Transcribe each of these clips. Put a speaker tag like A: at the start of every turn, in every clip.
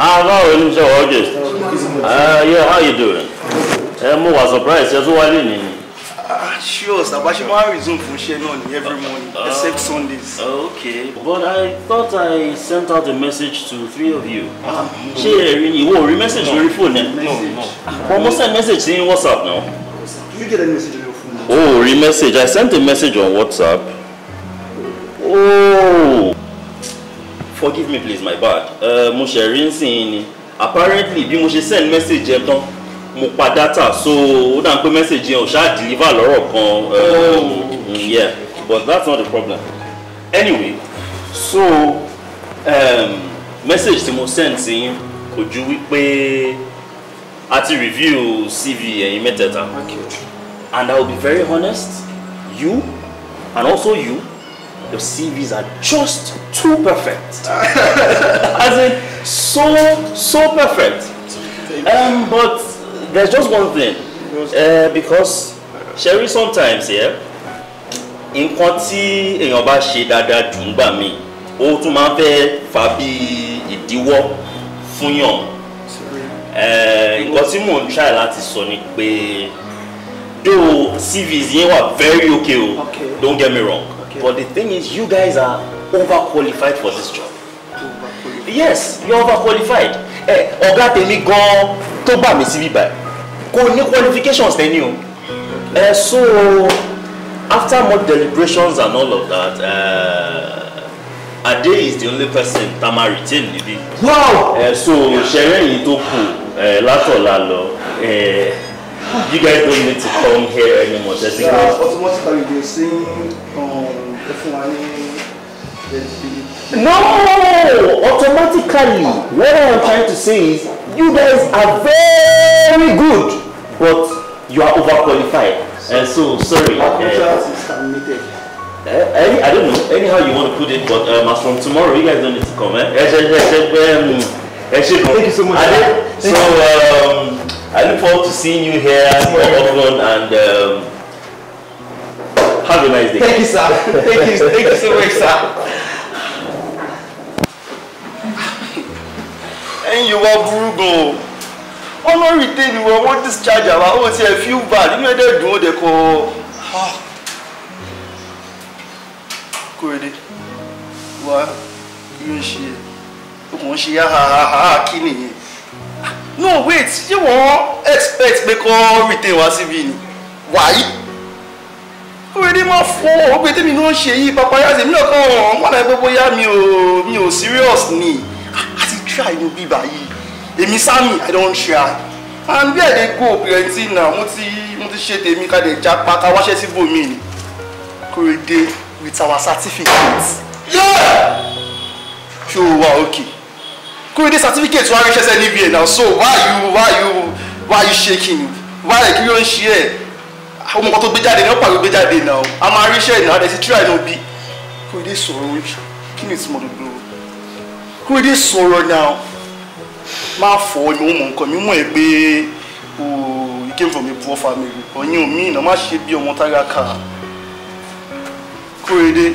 A: Ah, báwo ni sọ wọ́n jẹ? Ah, yeah, how you doing? I'm eh, more surprised. surprise why tún wá lè nìyí. Ah, sure, Sabashi máa ń resume fún iṣẹ́ náà every ah, morning uh, except Sundays. Okay, but I thought I sent out a message to three of you. Ah, ẹ rí ìwọ ò rí message lórí fóònù No, no. But most send message sí WhatsApp now. Did you get a message on your phone? Oh, ò message, I sent a message on WhatsApp. Oh forgive me please my bad eh, mo ṣe rí ń sìn ni apparently bí mo ṣe send message yẹn tán mo pa data so ó dà ń pé message yẹn ò ṣáà deliver lọ́rọ̀ kan uh, yeah but that's not the problem anyway so um, message tí mo send sí yín kò ju wípé a ti review CV ẹ̀yin mẹ́tẹ̀ẹ̀ta and I will be very honest you and also you your CVs are just too perfect. As in, so, so perfect. Um, but there's just one thing. Uh, because, Sherry, sometimes, yeah, nǹkan tí èèyàn bá ṣe dáadáa jù ń gbà mí ó tún máa ń fẹ́ fa bí ìdíwọ́ fún yàn uh, nǹkan tí mò ń try láti sọ ni pé though CVs yẹn wà very okay o okay. don't get me wrong But the thing is, you guys are overqualified for this job. Overqualified. Yes, you're overqualified. Eh, ọ̀gá tèmi gan-an tó gbà mí síbí báyìí kò ní qualifications tẹ́ni o. Eh, so after more deliberations and all of that, uh, Ade is the only person tá máa retain níbí. Wow! Eh, so ṣẹ̀rẹ́ yìí tó eh, lato lalo. lọ. Eh, you guys don't need to come here anymore. Yeah,
B: automatically
A: they sing. Um, No! Automatically, what I am trying to say is you guys are very good, but you are overqualified. And so, sorry. Uh, any, I don't know, anyhow you want to put it, but um, uh, as from tomorrow, you guys don't need to come. Eh? eh um, Thank you so much. so, um, I look forward to seeing you here more often and. Um, Have a nice day. Thank you, sir. Thank you, thank you so much, sir.
C: And you burú gan o. Wọ́n lọ you ìwọ, want discharge àwa, ó ti ẹ̀ feel bad, inú ẹ̀dẹ̀ dùn ó dẹ̀ kọ́. What wá kí ló
D: ń
A: ṣe ẹ́? O kàn ń ṣe ha ha ha kí
B: No wait, You
A: wọ́n expect pé kọ́ retain wá síbí ni? Wàyí
D: wíwí mọ̀ fún ọ
B: pé tèmi náà ṣe yí papaya ṣe mí náà kàn wọ́n wọ́n náà pé bóyá mi ò mi ò serious ni ah, a ti try inú bíbá yìí èmi Sammy i don try
C: and where dey go plenty now mo ti mo ti ṣe tèmi ká dẹ̀ já pa ká wáṣẹ́ síbòmí ni Korede with our certificate. ṣé o wa òkè Korede certificate wa ríṣẹ́ sẹ́ni bíi ẹ̀ náà so why you why you why you shaking why kí ló ń ṣe ẹ̀ ọmọ kan tó gbé jáde ní ọ̀pọ̀ àwọn gbé jáde náà a máa rí iṣẹ́ ìnáwó rẹ̀ sí tíra inú bí kò dé sọ̀rọ̀ kí ni ìtumọ̀ tó dúró kò dé sọ̀rọ̀ náà máa fọ ni ó mọ nǹkan mi mọ̀ ẹ́ pé o oh, you came from a poor family ọ̀yìn omi ìná má ṣe bí ọmọ tálákà kò dé.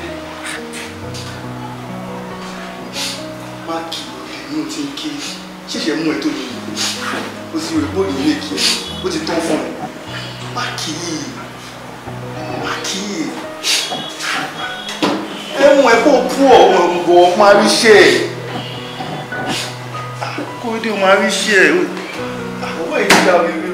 C: má kì í ní ti kí ṣẹ̀ṣẹ̀ mú ẹ tó yẹ kó sì rẹ̀ bóyá ilé kí ẹ ó ti tán fún mi mákìí mákìí ẹ̀wọ̀n ẹ̀ kó bú ọ̀hún ọ̀bọ̀ máa rí ṣe ẹ̀ kó dé máa rí ṣe ẹ̀ ọ̀bọ̀ ìdíjà mi rí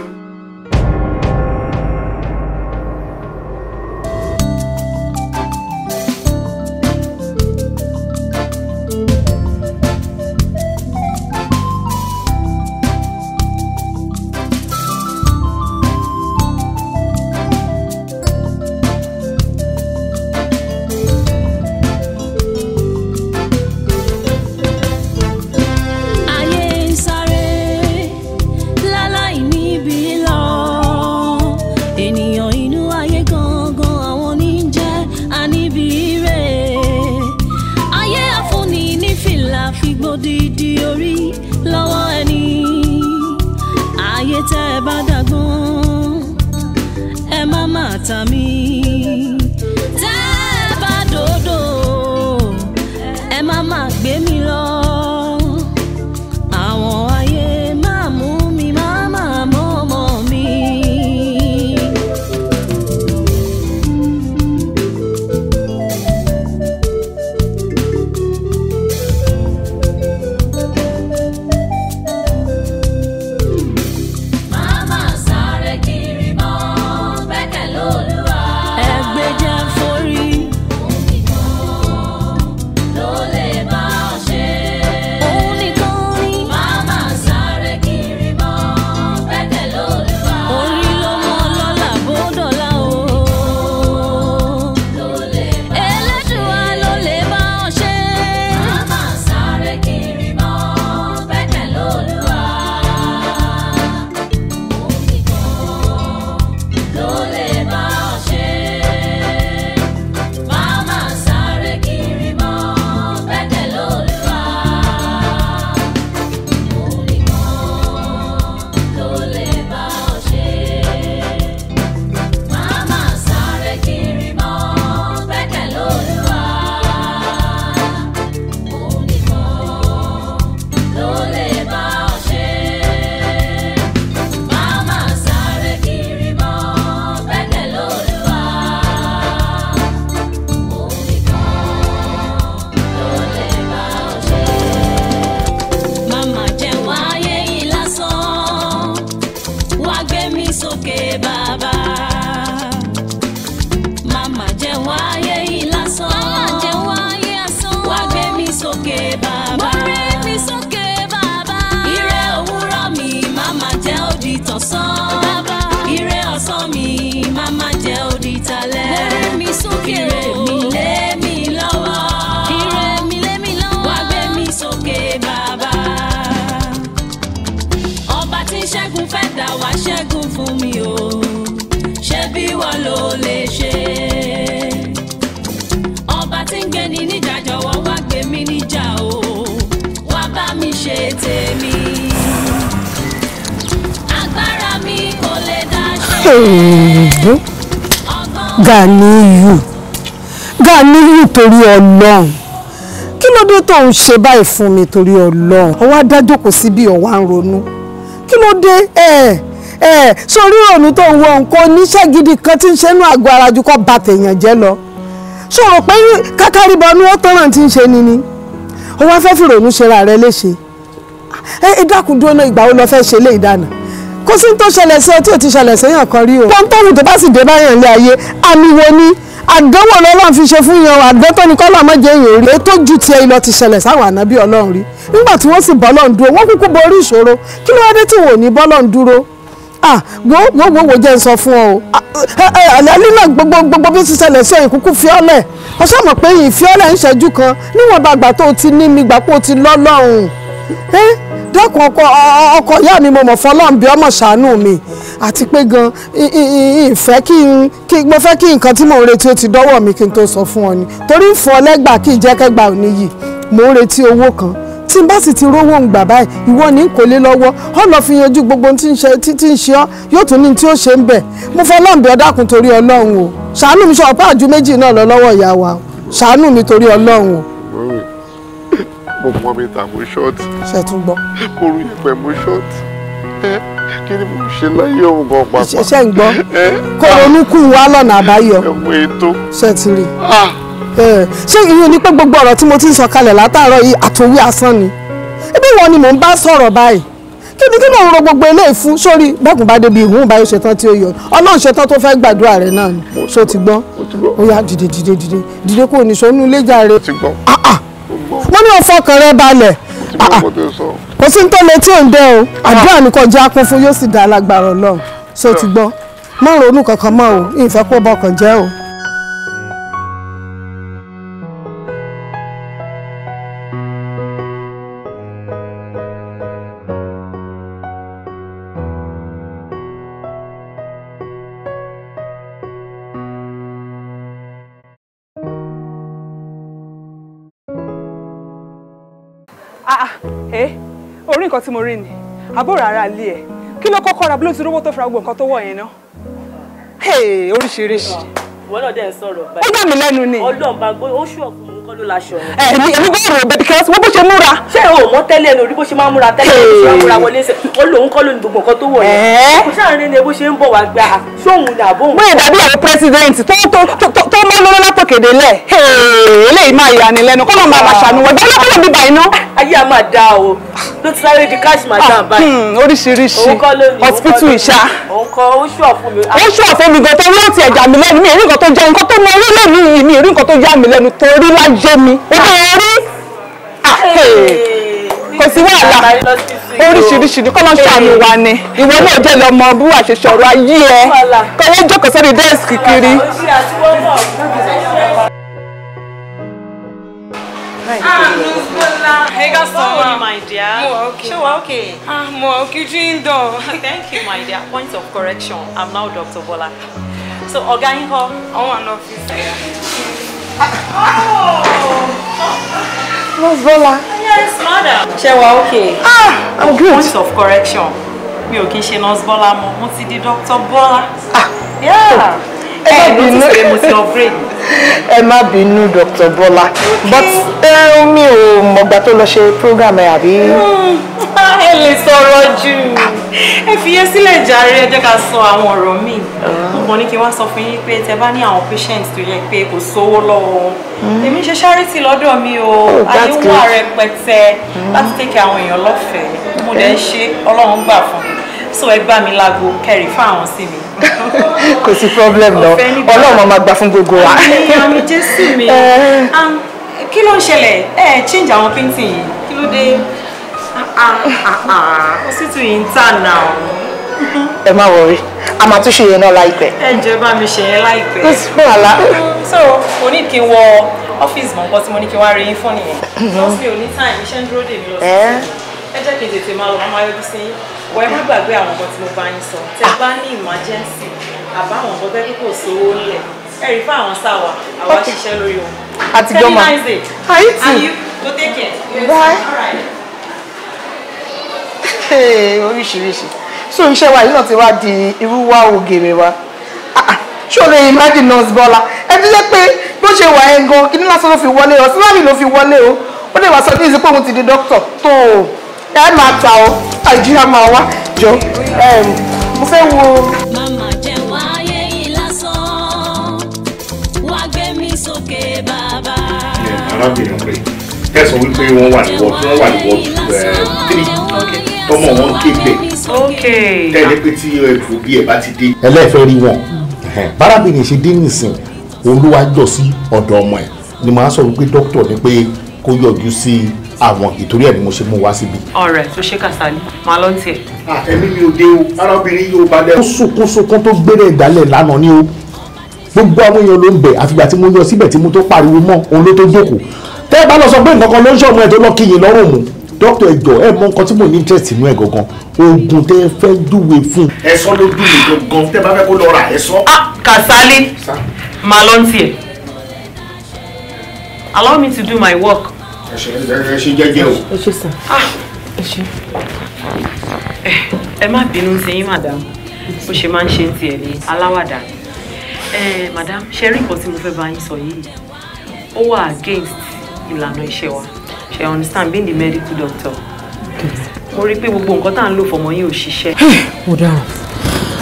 E: Ganiyu
F: Ganiyu torí Ọlọ́run kí ló dé tó ń ṣe báyìí fún mi torí Ọlọ́run ọwọ́ adájọ́ kò sí bí ọwọ́ à ń ronú kí ló dé ẹ ẹ sórí ìrònú tó ń wọ nǹkan oníṣẹ́ gidi kan tí ń ṣe inú àgọ́ ara ju kọ́ ba tèèyàn jẹ́ lọ sọ̀rọ̀ pé kákárí bọnú ó tọ́ràn tí ń ṣe ni ni ọwọ́ afẹ́fẹ́ ìrònú ṣera rẹ léṣe ẹ dákun dúró náà ìgbà wo lọ fẹ́ ṣe lé ìdáná sí tó ṣẹlẹ̀ sí ẹ tí ò ti ṣẹlẹ̀ séèyàn kan rí o. pọ́ńtọ́ọ̀mù tó bá sì dé báyàn lé ayé àmì wo ni àdánwò lọ́lọ́run fi ṣe fún yan àdán tó ní kọ́lọ́ má jẹ́ èèyàn rí. ètò ju tiẹ̀ ìlọ ti ṣẹlẹ̀ sáwọn ànábì ọlọ́run rí nígbà tí wọ́n sì bọ́lọ́run dúró wọ́n kúkú borí ìṣòro kí ló wá dé tí wò ní bọ́lọ́run dúró. ah wo wo wo wo jẹ́ n sọ fún ọ o àlẹ́ náà gbogbo gbogbo bí ó ti ṣẹlẹ̀ sí ẹ̀yìn kúkú fiọ́lẹ̀ ọ sọ̀mọ̀ pé ìfiọ́lẹ̀ ń ṣẹ́jú kan níwọ̀n bàgbà tó ti ní mi gbà pé ó ti lọ́lọ́run dẹ́kun ọkọ ọkọ ìyá mi mo mọ̀ fọlọ́n bí ọmọ ṣàánú mi àti pé gan ìfẹ́ kí n mo fẹ́ kí nǹkan tí mò ń retí ó ti dọ́wọ́ mi kí n tó sọ fún ọ ni torí ń fọ lẹ́gbà kí ìjẹ́kẹ́gbà ò ní yì mò ń retí owó kan tí n bá sì ti rówó ń gbà báyìí ìwọ ní kò lé lọ́wọ́ ọ lọ fi yanjú gbogbo tí ń ṣe tí ń ṣe ọ yóò tún ní tí ó ṣe ń bẹ̀ mo fọlọ́n bí ọdákun torí ọlọ́run o ṣàánú mi ṣe ọ̀pá àjú méjì náà lọ lọ́wọ́ ìyá wa ṣàánú mi torí ọlọ́run o
C: mo pọn mi ta mo ṣọ́ọ̀tì. ṣe tún gbọ́. mo rú yẹpẹ mo ṣọ́ọ̀tì kí ni mo ṣe láyé òun gan pàápàá. ṣe ń gbọ́ kó ah.
F: ronúkú wa lọ́nà àbáyọ.
C: ẹ̀wọ̀n ètò.
F: ṣe ti rí ah. ṣé ìyẹn ni pé gbogbo ọ̀rọ̀ tí mo ti ń sọ kalẹ̀ látàárọ̀ yìí àtòwí asán ni ebi wọn ni mò ń bá sọ̀rọ̀ báyìí kíni kí mò ń ro gbogbo eléyìí fún sórí bẹ́ẹ̀kùn bá débi ìhùn báyìí ṣetán tí ó yọ ọlọ́run ṣetán tó fẹ́ gbàdúrà rẹ̀ náà ni ṣó ti gbọ́ ó yá dìde dìde dìde dìde kò ní sọ́nù ilé jàre. ó ti gbọ́ ah, wọ́n ní ọ̀fọ̀kàn rẹ balẹ̀ ah, ah. kò sí ní tó lè tí ò ń dẹ o àdúrà ní kọjá kún fún yóò sì dá alágbára ọlọ́run ṣé o ti gbọ́ mọ́ ronú kankan mọ́ o ìfẹ́ kó bọkàn jẹ́ o. nǹkan tí mo rí ni àbúrò ara ilé ẹ̀ kí ló kọ́kọ́ ra bí ló ti rówó tó fara gbogbo nǹkan tó wọ̀ yẹn ná oríṣiríṣi. ìwọ náà dẹ̀
G: sọ̀rọ̀ báyìí. ó gbà mí lẹ́nu ni. ọlọ́ọ̀ba ó ṣùọ̀ fún kọ́ ló laṣọ yẹn. ẹ ní ẹni bá rò
H: bẹ́ẹ̀ because wọ́n bó ṣe múra. ṣé o mọ tẹ́lẹ̀ ní orí bó ṣe máa ń múra tẹ́lẹ̀ bó ṣe máa ń múra wọlé ṣe ó lòun kọ́ ló ní gbogbo nǹkan tó wọ̀
G: yẹn. kò ṣáà rí ni bó ṣe ń bọ̀ wá gba ṣóhun ní àbóhùn. wọ́n dàbí àwọn
I: president tó
F: tó máa lọ́wọ́ látòkèdè lẹ̀ eléyìí máa yà ní lẹ́nu kọ́lọ́ máa ṣàánú wọ́n dáná kọ́lọ́ bíbá iná. ayé a máa da o ló ti sáré di cash madam ah, báyìí. Hmm, oríṣiríṣi hospital ìṣá. òun kọ ó ṣùọ̀ fún mi. ó ṣùọ̀ fún mi gan tó ń rántí ẹ̀jà mi lẹ́nu mi èrí nǹkan
B: tó jẹ́ nǹkan tó mọ orí lẹ́nu mi èrí nǹkan tó yá mi lẹ́nu torí láyé yé mi ojú orí ah, kò sí wàhálà
E: oríṣiríṣi ni kọ́lọ́ ṣàánú wa ni ìwọ náà
B: jẹ́ lọ́mọ bí wàá ṣe sọ̀rọ̀ ayé ẹ kọ́ yóò jókòó sórí dẹ́ẹ̀sì kiri.
E: Ah, Miss Bola. Hey, guys, how are you, my dear? More okay. Sure,
G: okay. Ah, okay, Thank you, my dear. Point of correction. I'm now Dr. Bola. So, Oga Inho. I want to office. Nurse Bola. Yes, madam. She wà okay? Ah, I'm good. Point of correction. Mi okay? She ń Bola mọ́, mo ti the doctor Bola. Ah. Yeah. Oh.
B: Ẹ má bínú. Ẹ mo ti upgrade. Ẹ má bínú Dr. Bola. But eh, mi ò mọ̀gbà tó lọ ṣe program ẹ̀ àbí. Hmm.
G: Ẹ lè sọ̀rọ̀ jù ẹ fi
B: yẹn sílẹ̀ jàre
G: ẹ ká sọ àwọn ọ̀rọ̀ míì mo ní kí wọ́n sọ fún yín pé tẹ bá ní àwọn patients tó yẹ pé kò sówó lọ́wọ́ hmm. èmi ṣe charity lọ́dọ̀ mi o oh, ayé wà rẹpẹtẹ hmm. láti tẹ̀kẹ́ àwọn èèyàn lọ́fẹ̀ẹ́ mo dẹ̀ ń eh. ṣe ọlọ́run gbà fún mi so ẹ bá mi láago kẹrì fáwọn sí mi.
B: kò sí problem náà ọlọ́run máa gbà fún gbogbo wa.
G: àmì jésù mi eh. kí ló ń ṣẹlẹ̀ ẹ change àwọn painting yìí kí ló dé ọsítù yìí ń tà náà.
F: ẹ má wọrí a máa tún ṣe yẹn náà láìpẹ́. ẹ jẹ́ bá mi ṣe yẹn láìpẹ́.
G: kò sí wàhálà. Mm, so mo ní kí n wọ ọ́fíìsì mọ̀ nǹkan tí mo ní kí n wá rí yín fún nìyẹn. lọ́sí òní táì iṣẹ́ ń dúró dè mí lọ sí
E: ẹ
G: jẹ́ kí n tètè máa lọ máa yọjú sí wọ́n ẹ má gbàgbé àwọn nǹkan tí mo bá yín sọ tẹ́ bá ní emergency àbáwọn nǹkan bẹ́ẹ̀ kò sówó ńlẹ̀ ẹ rí fún àwọn sáwà àwa ṣiṣẹ́ lórí wọn. àtijọ́ ma àyè tì. and you go take care.
E: bye
F: oríṣiríṣi so iṣẹ́ wa yìí náà ti wá di irú wa ògèrè wa ṣó lè imagine nurse Bọ́lá ẹ ti jẹ́ pé bó ṣe wà ẹ́ gan kí ní lásán ló fi wọlé o síláàmì ló fi wọlé o ó lè wá sọ ní ìsìnkú òun ti di dókítà tó o ẹ máa ta o nàìjíríà máa wá jọ
B: mo fẹ́ wo. màmá jẹ́ wáyé
C: ẹ sọ wípé wọ́n wà ní wọ́ọ̀dù wọ́n wà ní eh, three ọmọ wọn kébẹ̀ tẹ́lẹ̀ pé tí ẹ̀kọ́ eh, bí ẹ̀ bá ti dé. ẹlẹ́fẹ̀ẹ́ rí wọn bárábìnrin ṣe dé nìsín olúwa ọ̀dọ̀ ọmọ ẹ̀ ni màá sọ wípé dókítà ni pé kó yọjú sí àwọn ìtorí ẹ̀ ni mo ṣe mú wá síbi.
G: ọ̀rẹ́ tó ṣe kàṣà ni màá lọ tiẹ̀. ẹ̀mí mi ò dé o
C: arábìnrin yóò balẹ̀. ó sunkún sunkún tó gbére ìdálẹ̀ lánàá ni o gbogbo àwọn èèyàn ló ń bẹ̀ àfìgbà tí mo yọ síbẹ̀ tí mo tó pariwo mọ́ òun ló tó jókòó tẹ́ ẹ bá lọ sọ pé nǹkan kan ló ń ṣọ̀mù ẹ̀ tó lọ́ọ́ kíyìn lọ́rùn mu dókítà ẹjọ ẹ mọ nǹkan tí mo ní interest nínú ẹ gangan oògùn tẹ fẹ́ júwe fún. ẹ̀sọ́ ló dùn mí gangan tẹ́ bá fẹ́ kó lọ ra ẹ̀sọ́. ah Kasali máa lọ tiẹ̀ allow me to do my work. ẹ ṣe jẹ́jẹ́
J: o.
H: ẹ ṣe sàn. ah ẹ ṣe. Eh,
G: ẹ má bínú sí yín madam bó ṣe máa ń ṣe tiẹ̀ ní aláwàdà eh, madam ṣe rí nǹkan tí mo fẹ́ bá yín sọ yìí ó wà against ìlànà iṣẹ́ wa ṣe understand being the medical doctor mo rí i pé gbogbo nǹkan tá à ń lò fọmọ yín ò ṣiṣẹ́. mo dáhùn.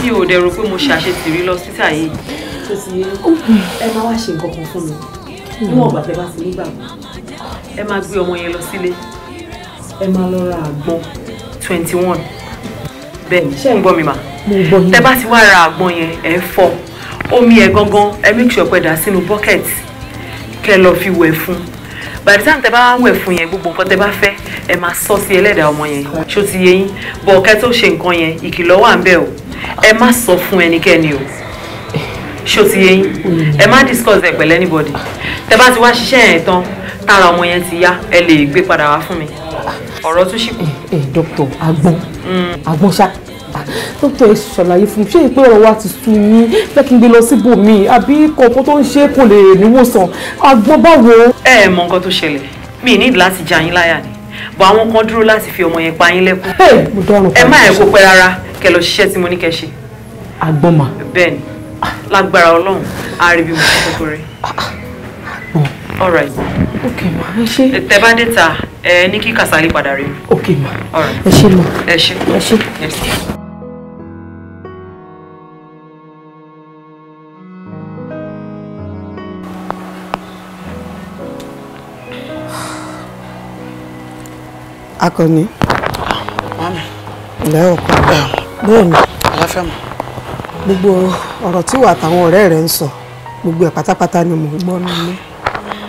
G: tí o dẹ̀ rò pé mo ṣàṣetìrí lọ sí tàyè. tó ti yé ẹ máa wá ṣe nǹkan kan fún mi níwọ̀n ìgbà bá ti nígbàgbọ́. ẹ máa gbé ọmọ yẹn lọ sílé ẹ máa lọ ra àgbọn twenty one bẹ́ẹ̀ ṣe ń gbọ́ mi mà tẹ́ bá ti wá ra àgbọn yẹn ẹ fọ omi ẹ gangan ẹ make sure pé dà sínú bucket kẹ́ lọ fi wẹ̀ fún un by the time tẹ bá wẹ̀ fún yẹn gbogbo nǹkan tẹ bá fẹ́ ẹ máa sọ sí ẹlẹ́dàá ọmọ yẹn ṣó ti yé yín bọ̀ kẹ́ tó ṣe nǹkan yẹn ìkìlọ̀ wà ń bẹ̀ o ẹ má sọ fún ẹnikẹ́ni o ṣó ti yé yín ẹ má discuss ẹ̀ pẹ̀lú anybody tẹ bá ti wá ṣiṣẹ́ yẹn tán tára ọmọ yẹn ti yá ẹ lè gbé padà wá fún mi
F: ọ̀rọ̀ tún ṣì kù. ẹ eh, ẹ eh, dókítà agbọn mm. agbọn ṣáà dókítà ẹ ṣàlàyé fún mi ṣé ìpè ọ̀rọ̀ wa ti sú yín fẹ́ kí n gbé lọ síbòmí àbí kọ̀ọ̀kan tó ń ṣe kò lè níwòsàn àgbọn báwo.
G: ẹ ẹ mọ nǹkan tó ṣẹlẹ̀ mi ì nídìí láti já yín láyà ni bọ àwọn kan dúró láti fi ọmọ yẹn pa yín lẹ́kùn. ẹ má ẹ̀ kó pẹ́ rárá kẹ́ lọ ṣiṣẹ́ tí mo ní kẹ́ ṣe. àgbọn mà. bẹ́ẹ̀ni lágbára Ọlọ́run àríbí mo ṣe kékeré. àgbọn. all right. ok ma ẹ ṣe. tẹ bá dé ta ẹ ní kí Kàsálí padà rí mi. ok ma ẹ ṣe ma ẹ ṣe.
F: akọni ilẹ̀ ọkọ bẹ́ẹ̀ ni gbogbo ọ̀rọ̀ tí wà táwọn ọ̀rẹ́ rẹ̀ ń gbogbo ẹ̀ patapata ni mò ń gbọ́ nílé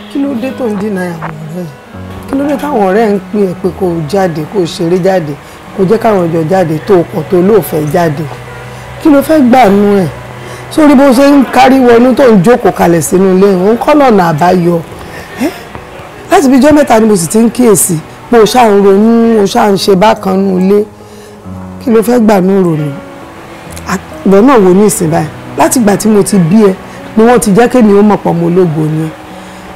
F: kí ló dé tó ń dínà àwọn ọ̀rẹ́ yìí kí ló dé táwọn ọ̀rẹ́ ń pè ẹ́ pé kò jáde kò ṣeré jáde kò jade to ọjọ́ jáde tó kọ̀ tó lóòfẹ́ jáde kí ló fẹ́ gbà nú ẹ̀ sórí bó ṣe ń kárí wọnú tó ń jókòó kalẹ̀ sínú ilé òun kọ́ lọ́nà àbáyọ láti fi ni mo si ti ń pé o ṣáà ń ronú o ṣáà ń ṣe bákan nù ilé kí ló fẹ́ẹ́ gbà ní ìrònú ìwọ náà wò ní ìsìn báyìí láti ìgbà tí mo ti bí ẹ ni wọ́n ti jẹ́ kémi ó mọ̀ pọ̀ mọ́ ológo ni ẹ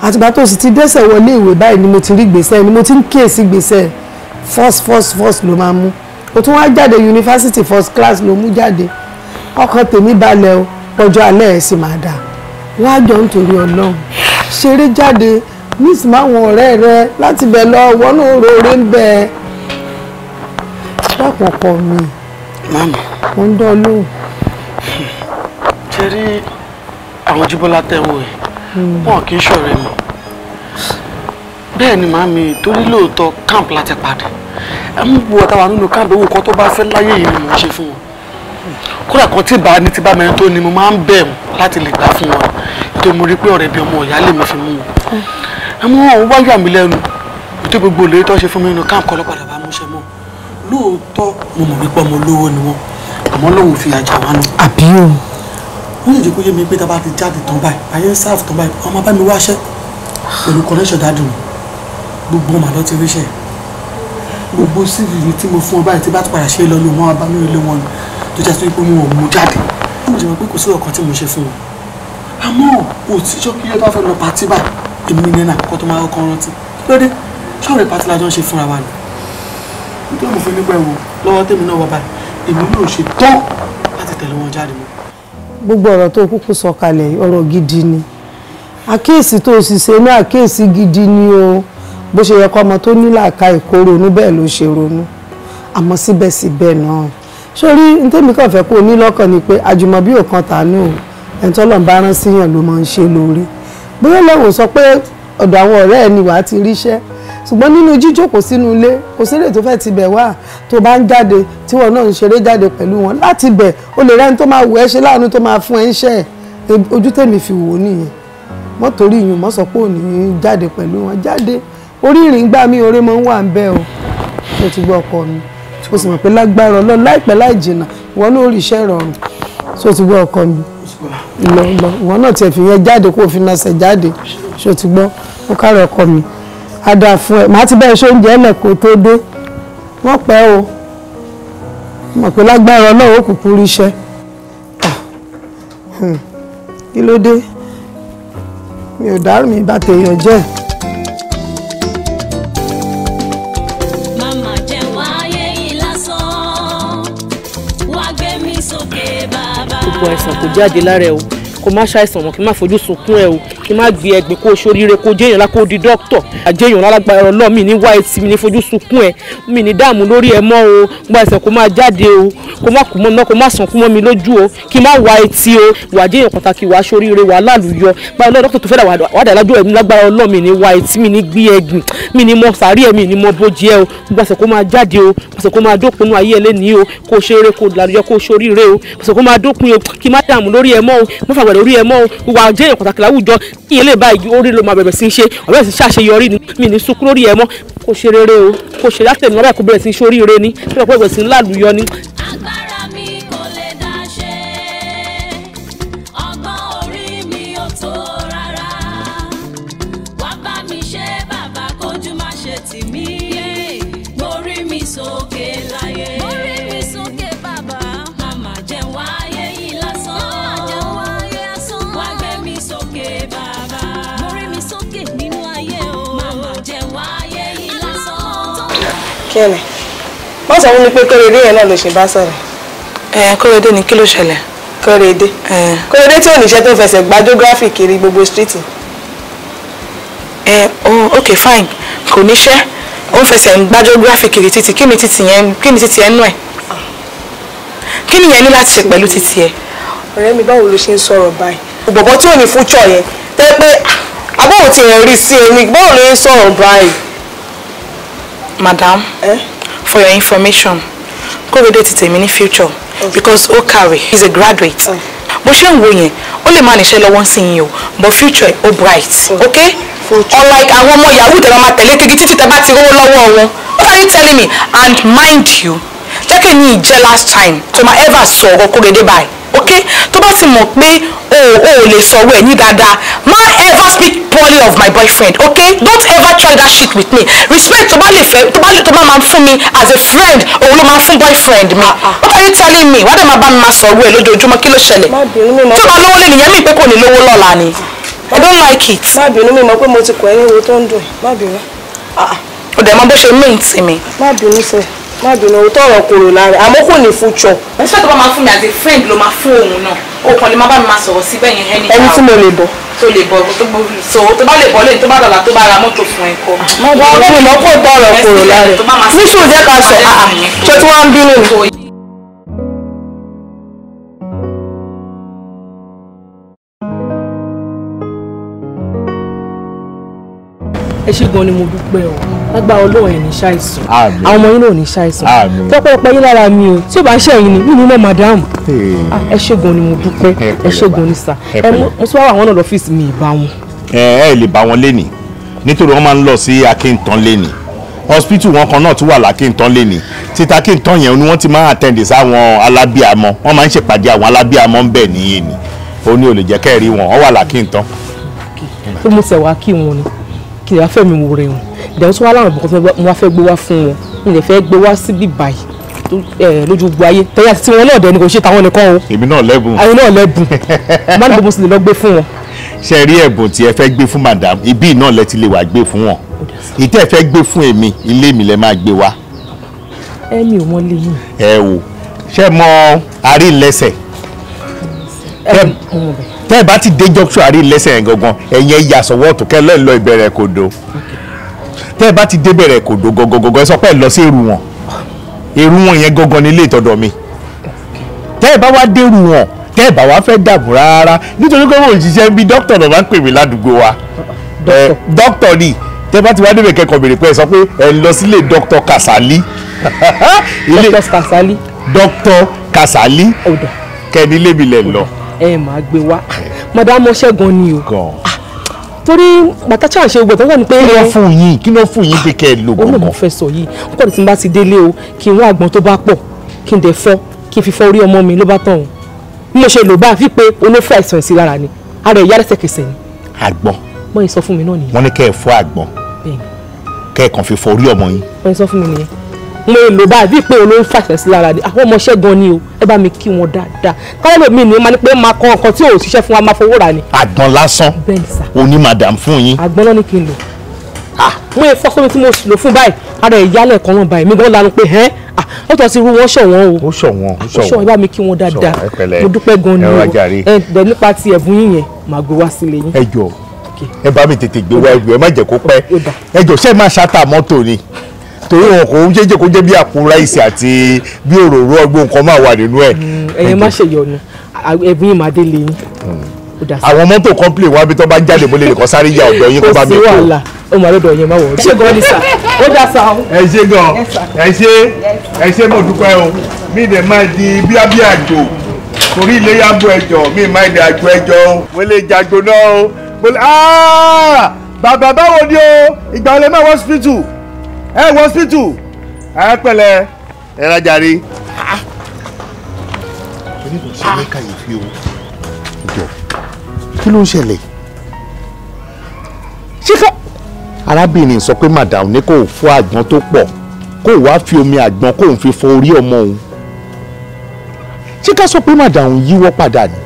F: àtìgbà tó sì ti dẹ́sẹ̀ wọlé ìwé báyìí ni mo ti rí gbèsè ni mo ti ń kíyèsí gbèsè first first first ló máa mú o tún wá jáde yunifásitì first class ló mú jáde ọkàn tèmi balẹ̀ o ọjọ́ alẹ́ ẹ̀ sì máa dà wájọ nítorí ọlọ́run ṣeré jáde miss máwọn ọ̀rẹ́ rẹ láti bẹ̀ lọ wọnú rore ń bẹ lápapọ̀ mi mo ń dán
D: ṣe rí àwọn jíbọ́lá tẹ́wọ̀ ẹ̀ hmm. wọn kì í ṣọ̀rẹ́ mi bẹ́ẹ̀ ni màámi torí lóòótọ́ camp láti padà ẹ mú bu ọ̀tá wa nínú camp owó kan tó bá fẹ́ láyé yìí ni mò ń ṣe fún wọn kódà kan tí bá ní tí bá mẹ́rin tó ni mo máa ń bẹ̀ láti lè gbà fún wọn nítorí mo rí pé ọ̀rẹ́ bí ọmọ ìyá mi fi mú wọn àmọ́ òun wá yà mí lẹ́nu ètò gbogbo òlè tó ṣe fún mi nínú káàmù kọ́ lọ́padà bá múṣẹ́ mọ́ lóòótọ́ mo mọ̀ wípé ọmọ olówó ni wọ́n àmọ́ lòun fi àjà wá nù. àbí o. wọ́n lè jẹ́ kó yé mi pé tá a bá ti jáde tán báyìí ayé ń sáàfù tán báyìí ọmọ bá mi wáṣẹ́ pẹ̀lú connection dádùn gbogbo ọmọ àlọ́ ti ríṣẹ́ gbogbo cv mi tí mo fún ọ báyìí tí bá ti padà ṣe é lọ́nu wọn bá mi rí lé wọn lò tó jẹ́ sí pé mo ò mú jáde mo jẹ́ wọn pé kò sí ọ̀kan tí mo ṣe fún wọn àmọ́ òtíjọ́ kí ẹ bá fẹ́ lọ pàtí báyìí èmi nínà kó tó máa kọ́kọ́ rántí kí ló dé ṣọ́ọ̀rẹ́ pátí la jọ ń ṣe fúnra wa ni nítorí mo fi nípa ẹ̀wọ̀ lọ́wọ́ tèmi náà wọ èmi náà ṣe tán láti tẹ̀lé wọn jáde mọ́.
F: gbogbo ọ̀rọ̀ tó kúkú sọ kalẹ̀ ọ̀rọ̀ gidi ni àkíyèsí tó sì ṣe ní àkíyèsí gidi ni o bó ṣe yẹ kó ọmọ tó ní làákàyè kó ronú bẹ́ẹ̀ ló ṣe ronú àmọ́ síbẹ̀síbẹ̀ náà sórí ntẹ́mi kàn fẹ́ kó o ní lọ́kàn ni pé àjùmọ̀bí ò kan tàánú ẹ̀ńtọ́lọ́ọ̀ bá rán síyàn ló máa ń bóyá lọ́wọ́ sọ pé ọ̀dọ̀ àwọn ọ̀rẹ́ ẹ ni wàá ti ríṣẹ́ ṣùgbọ́n nínú jíjókòó sínú ilé kò sérè tó fẹ́ ti bẹ̀ wá tó bá ń jáde tí wọn náà ń ṣeré jáde pẹ̀lú wọn láti bẹ̀ o lè rẹ́ni tó máa wù ẹ́ ṣe láàánú tó máa fún ẹ ń ṣe ẹ̀ ojú tèmi fi wò ó nìyẹn mọ́ torí ìyún mọ́ sọ pé ò ní jáde pẹ̀lú wọn jáde orí ìrìn gbá mi oore mọ́ ń wà ń bẹ́ o mo ti gbọ́ ọkọ mi o sì mọ̀ pé lágbára ọlọ́run láìpẹ́ láì jìnnà ìwọ náà ríṣẹ́ rọrùn so ti gbọ́ ọkọ mi lọ lọ ìwọ náà tiẹ̀ fi yẹn jáde kó o fi nasẹ̀ jáde ṣó ti gbọ́ ó kárẹ̀ ọkọ mi á dáa fún ẹ màá ti bẹ́ẹ̀ ṣe oúnjẹ ẹlẹ̀ kó tó dé wọ́n pẹ́ o mọ̀ pé lágbára ọlọ́run ó kúkú rí iṣẹ́ hmm. kí ló dé mi ò dárò mi bá tèèyàn jẹ́ ẹ̀. àìsàn kò jáde lára ẹ o kò má ṣàìsàn wọn kí n má fojú sunkún ẹ o kí n má gbé ẹgbẹ́ kó ṣoríire kó jẹ́ èèyàn lá kó di dókítọ̀ àjẹyàn lálágbára ọlọ́ mi ní wáìtì mi ní fojú sunkún ẹ mi ní dààmú lórí ẹ mọ́ o gba ẹsẹ̀ kó má jáde o kó má kú mọ́ kó má sànkún mọ́ mi lójú o kí n má wá etí o wà jẹ́yàn pàtàkì wà ṣoríire wà lálùyọ báyọ̀ lọ́dọ̀ tó fẹ́ dà wà dà lájú ẹ̀mí lágbára ọlọ́ mi ní wáìtì mi ní gbé ẹ̀gbìn mi ní mọ sàárì ẹ̀mí ní mọ bójì ẹ o gba ẹsẹ̀ kó má jáde o gba ẹsẹ̀ kó má dópinu ayé kí ilé báyìí orí ló máa bẹ̀rẹ̀ sí í ṣe ọ̀rẹ́ sì ṣàṣeyọrí ni mi ní sunkún ẹ̀ mọ́ kò ṣe rere o kò ṣe látẹ̀mí ọ̀rẹ́ kò bẹ̀rẹ̀ sí í ṣoríire ni kí ọ̀pọ̀ ìgbẹ̀sìn ńlá ni kí ni wọ́n sọ fún mi pé kóredé yẹn náà ló ṣe bá sọ̀rọ̀. ẹ kóredé ni kí ló ṣẹlẹ̀. kóredé kóredé tí ò níṣẹ́ tó fẹsẹ̀ gba geography kiri gbogbo street. oh ok fine kò níṣẹ́ ó ń fẹsẹ̀ ń gba geography kiri títì kí ni títì yẹn kí ni títì yẹn nù ẹ̀ kí ni yẹn ní láti ṣe pẹ̀lú títì ẹ̀. ọ̀rẹ́ mi báwo ló ṣe ń sọ̀rọ̀ báyìí. bọ̀bọ̀ tí ò ní fújọ yẹn tẹ́ pé ah, àbọ̀wò ti rẹ̀ rí sí ẹni báwo ló ń sọ̀rọ̀ báyìí madam eh? for your information kórèdè ti tèmi ní future okay. because ó kàwé he is a oh. graduate oh. bó ṣe ń wo yẹn ó lè má níṣẹ́ lọ́wọ́ sí yín o but future ó bright oh. okay. okay? unlike àwọn ọmọ yahoo tẹ máa tẹ̀lé kiri títí tẹ bá ti rówó lọ́wọ́ wọn what are you telling me and mind you jẹ́ kí ni ìjẹ́ last time tó ma ever sọ ọ̀rọ̀ kórèdè báyìí okay tó bá ti mọ̀ pé o ò lè sọ̀rọ̀ ẹ̀ ní dáadáa má ever speak poorly of my boyfriend okay don't ever try that shit with me respect tó bá lè fẹ́ tó bá lè tó bá máa fún mi as a friend òun ló máa fún boyfriend mi what ah, are ah. you telling me wàá dẹ̀ máa bá mi máa sọ̀rọ̀ ẹ̀ lójoojúmọ́ kí ló ṣẹlẹ̀ tó bá lówó lé nìyẹn mi pé kò ní lówó lọ́la ni I don't like it. má bínú mi mọ̀ pé mo ti kọ ẹyin wo tó ń dùn má bínú. Ah, ó dẹ̀ mọ bó ṣe mí tì mí. má bínú sẹ́ẹ̀ má bínú o tọrọ kòrò lára àmọ́ kò ní future. mo fẹ́ tó bá máa fún mi as a friend ló máa fún òun náà òkàn lè má bá mi máa sọ̀rọ̀ síbẹ̀ yẹn ẹni tá ẹni tí mo lè bọ̀ tó lè bọ̀ so tó bá lè bọ̀ lẹ́yìn tó bá dọ̀là tó bá ra mọ́tò
I: fún ẹ kọ́. mo bọ̀ ọ́ kò lọ́kọ̀ tọrọ kòrò
F: lára níṣó jẹ́ ká sọ ṣé tí wọ́n ń
H: bínú ni.
F: ẹ ṣé gan ni mo dúpẹ́ o lágbára Ọlọ́run ẹ̀ ní ṣàìsàn àwọn ọmọ yín náà ní ṣàìsàn tọ́pọ̀ ọpẹ́ yín lára mi o tí ò bá ṣe yín ni mí ni mo madam ah, ẹ ṣé gan ni mo dúpẹ́ ẹ ṣé gan ni sà ẹ mo tún wá àwọn náà lọ́fíìsì mi ì bá wọn.
C: ẹ ẹ lè bá wọn lénìí nítorí wọn máa ń lọ sí Akíntán lénìí hospital wọn kan náà tún wà lákìntàn lẹ́ni títa kìntàn yẹn ni wọ́n ti máa attend sáwọn alábíàmọ́ wọ́n máa ń ṣèpàdé àwọn alábíàmọ́ ń bẹ̀ níyì ni ó ní olùjẹ́kẹ́rí wọn wọ́n wà lákìntàn.
F: tó mo tẹ̀ wá kí wọn ni kí lè wá fẹ́ mi wò rẹ̀ wọn ìdẹ̀wọ́n tó wá láwọn ìbùkún mo wá fẹ́ gbé wá fún wọn mi lè fẹ́ gbé wá síbí báyìí lójú gbogbo ayé tẹ́yà tí wọn náà dẹ̀ ni kò ṣe táwọn
C: nìkan o. èmi náà lẹ́bùn. àwọn náà lẹ́bùn má ní gbogbo sì lè lọ gbé fún wọn. ṣe rí ẹ̀bùn tí ẹ fẹ́ gbé fún madam ibi náà lẹ ti lè wá gbé fún wọn ìtẹ́ ẹ fẹ́ gbé fún èmi ilé mi lẹ máa gbé wá.
F: ẹ mi ò mọ lè
C: ẹ wò ṣé mo arí lẹ́sẹ̀. ẹ mọ̀ bẹ́ẹ̀ tẹ́ ẹ bá ti dé junction àrí lẹ́sẹ̀ yẹn gangan ẹ̀yìn ẹ̀yà sọ̀wọ́ ọ̀tún kẹ́ lọ́ọ̀ lọ ìbẹ̀rẹ̀ kòdó tẹ́ ẹ bá ti dé bẹ̀rẹ̀ kòdó gọgọgọgọ ẹ sọ pé ẹ lọ sí èrú wọn èrú wọn yẹn gangan ní ilé ìtọ́dọ̀ mi tẹ́ ẹ bá wá dé èrú wọn tẹ́ ẹ bá wá fẹ́ dààmú rárá nítorí pé wọn ò ṣiṣẹ́ bí dókítà náà máa ń pè mí ládùúgbò wa dókítà ni tẹ́ ẹ bá ti wá débẹ̀ kẹ́kọ̀ọ́ bèrè pé ẹ sọ pé ẹ lọ sílé dókítà Kàsálí dókítà Kàsálí kẹ́ni lébi lẹ̀ lọ ẹ máa gbé wá madam ṣẹ́gun ni o ah,
F: torí bàtàchà ṣe gbọ̀ tó ń sọ ni pé. kí ló fún
C: yín kí ló fún yín pé kẹ́ ẹ lò gbọ̀ngàn. olùmọ̀
F: fẹ́ sọ yìí kókò tí n bá ti délé o kí n wá àgbọn tó bá pọ̀ kí n dẹ̀ fọ́ kí n fi fọ́ orí ọmọ mi ló bá tán o bí mo ṣe lò bá fi pé olófẹ́ àìsàn sí lára ni ara ẹ̀ yára ṣẹ̀kẹ̀ṣẹ̀ ni. àgbọn. wọ́n yìí sọ fún mi náà nìyẹn.
C: wọ́n ní kẹ́ ẹ fọ́ àgbọn. kẹ́ ẹ kàn fi fọ́ orí ọmọ yín.
F: wọ́n yìí sọ fún mi nìyẹn mo èlò báyìí bíi pé olórí fàṣẹ sí lára ni àwọn ọmọọṣẹ́ gan ni o ẹ bá mi kí wọn dáadáa káyọ̀lẹ̀ mi ni máa ní pé máa kọ́ nǹkan tí ò ṣiṣẹ́ fún wa máa fowó rà ni. àgbọn lásán oní madam fún yín. àgbọn náà ni kí n lò ah. mo yẹ fọ́sọ́mi tí mo lò fún báyìí ara ẹ̀ yálẹ̀ kan náà báyìí mi gan lanu pé ẹ́ ah, ó tọ́ sí irú wọn ṣọ̀wọ́n o ó ṣọ̀wọ́n ó ṣọ̀wọ́n ẹ bá mi kí wọn dáadáa mo dúpẹ́ gan ni o ẹ bẹ̀ nípa ti ẹ̀bùn yín yẹn màá gbé wá sílé yín. ẹ jọ
C: ẹ bá mi tètè gbé wá ẹgbẹ ẹ má jẹ kó pẹ́ ẹ jọ ṣe máa ṣàtà mọ́tò ni torí wọn kò ń jẹ́jẹ́ kó jẹ́ bí àpò ráìsì àti bí òróró ọgbọ́n nǹkan máa wà nínú ẹ̀. Mm, ẹ̀yin má
F: ṣe yọnu ẹ̀bùn yìí máa dé lè yín. àwọn
C: mọ́tò kọ́ńpìlì wa bí tó bá jáde mo lè lè kọ́ sáré ya ọ̀dọ̀ yín kó bá mi kú. kò sí wàhálà
F: ó máa lọ́dọ̀ yẹn má wọ̀ ọ́. ṣé gan ni sà ó dà sà o. ẹ ṣe gan
C: ẹ ṣe ẹ ṣe mo dúpẹ́ o mi dẹ̀ máa di bíábí àjò torí ilé yàgò ẹjọ mi máa di àjò ẹjọ mo lè jàgbó náà o mo lè bàbá báwo ni o ìgbà wo máa wọ́n hospital ẹ wọ hospital ẹ pẹ̀lẹ́ ẹ rajà rí. onídùn ṣe ní kàyéfì o. jọ kí ló ń ṣẹlẹ̀. ṣíkà. arábìnrin sọ pé madam ní kò fọ àgbọn tó pọ̀ kó wàá fi omi àgbọn kó n fi fọ orí ọmọ òun. ṣíkà sọ pé madam yíwọ́ padà ni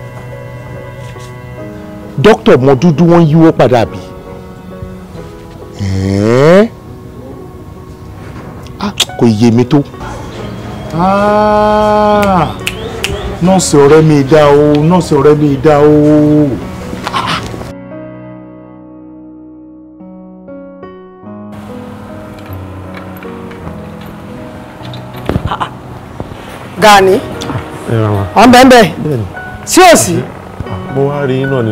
C: dókítà ọmọ dúdú wọn yíwọ́ padà bí. ẹ̀ẹ́. Ah, kò yé mi tó. Ah, nọ́ọ̀sì ọ̀rẹ́ mi dá o nọ́ọ̀sì ọ̀rẹ́ mi dá o.
F: Gani ọ̀n bẹ́ẹ̀ sí ò sí.
C: mo wá rí iná ni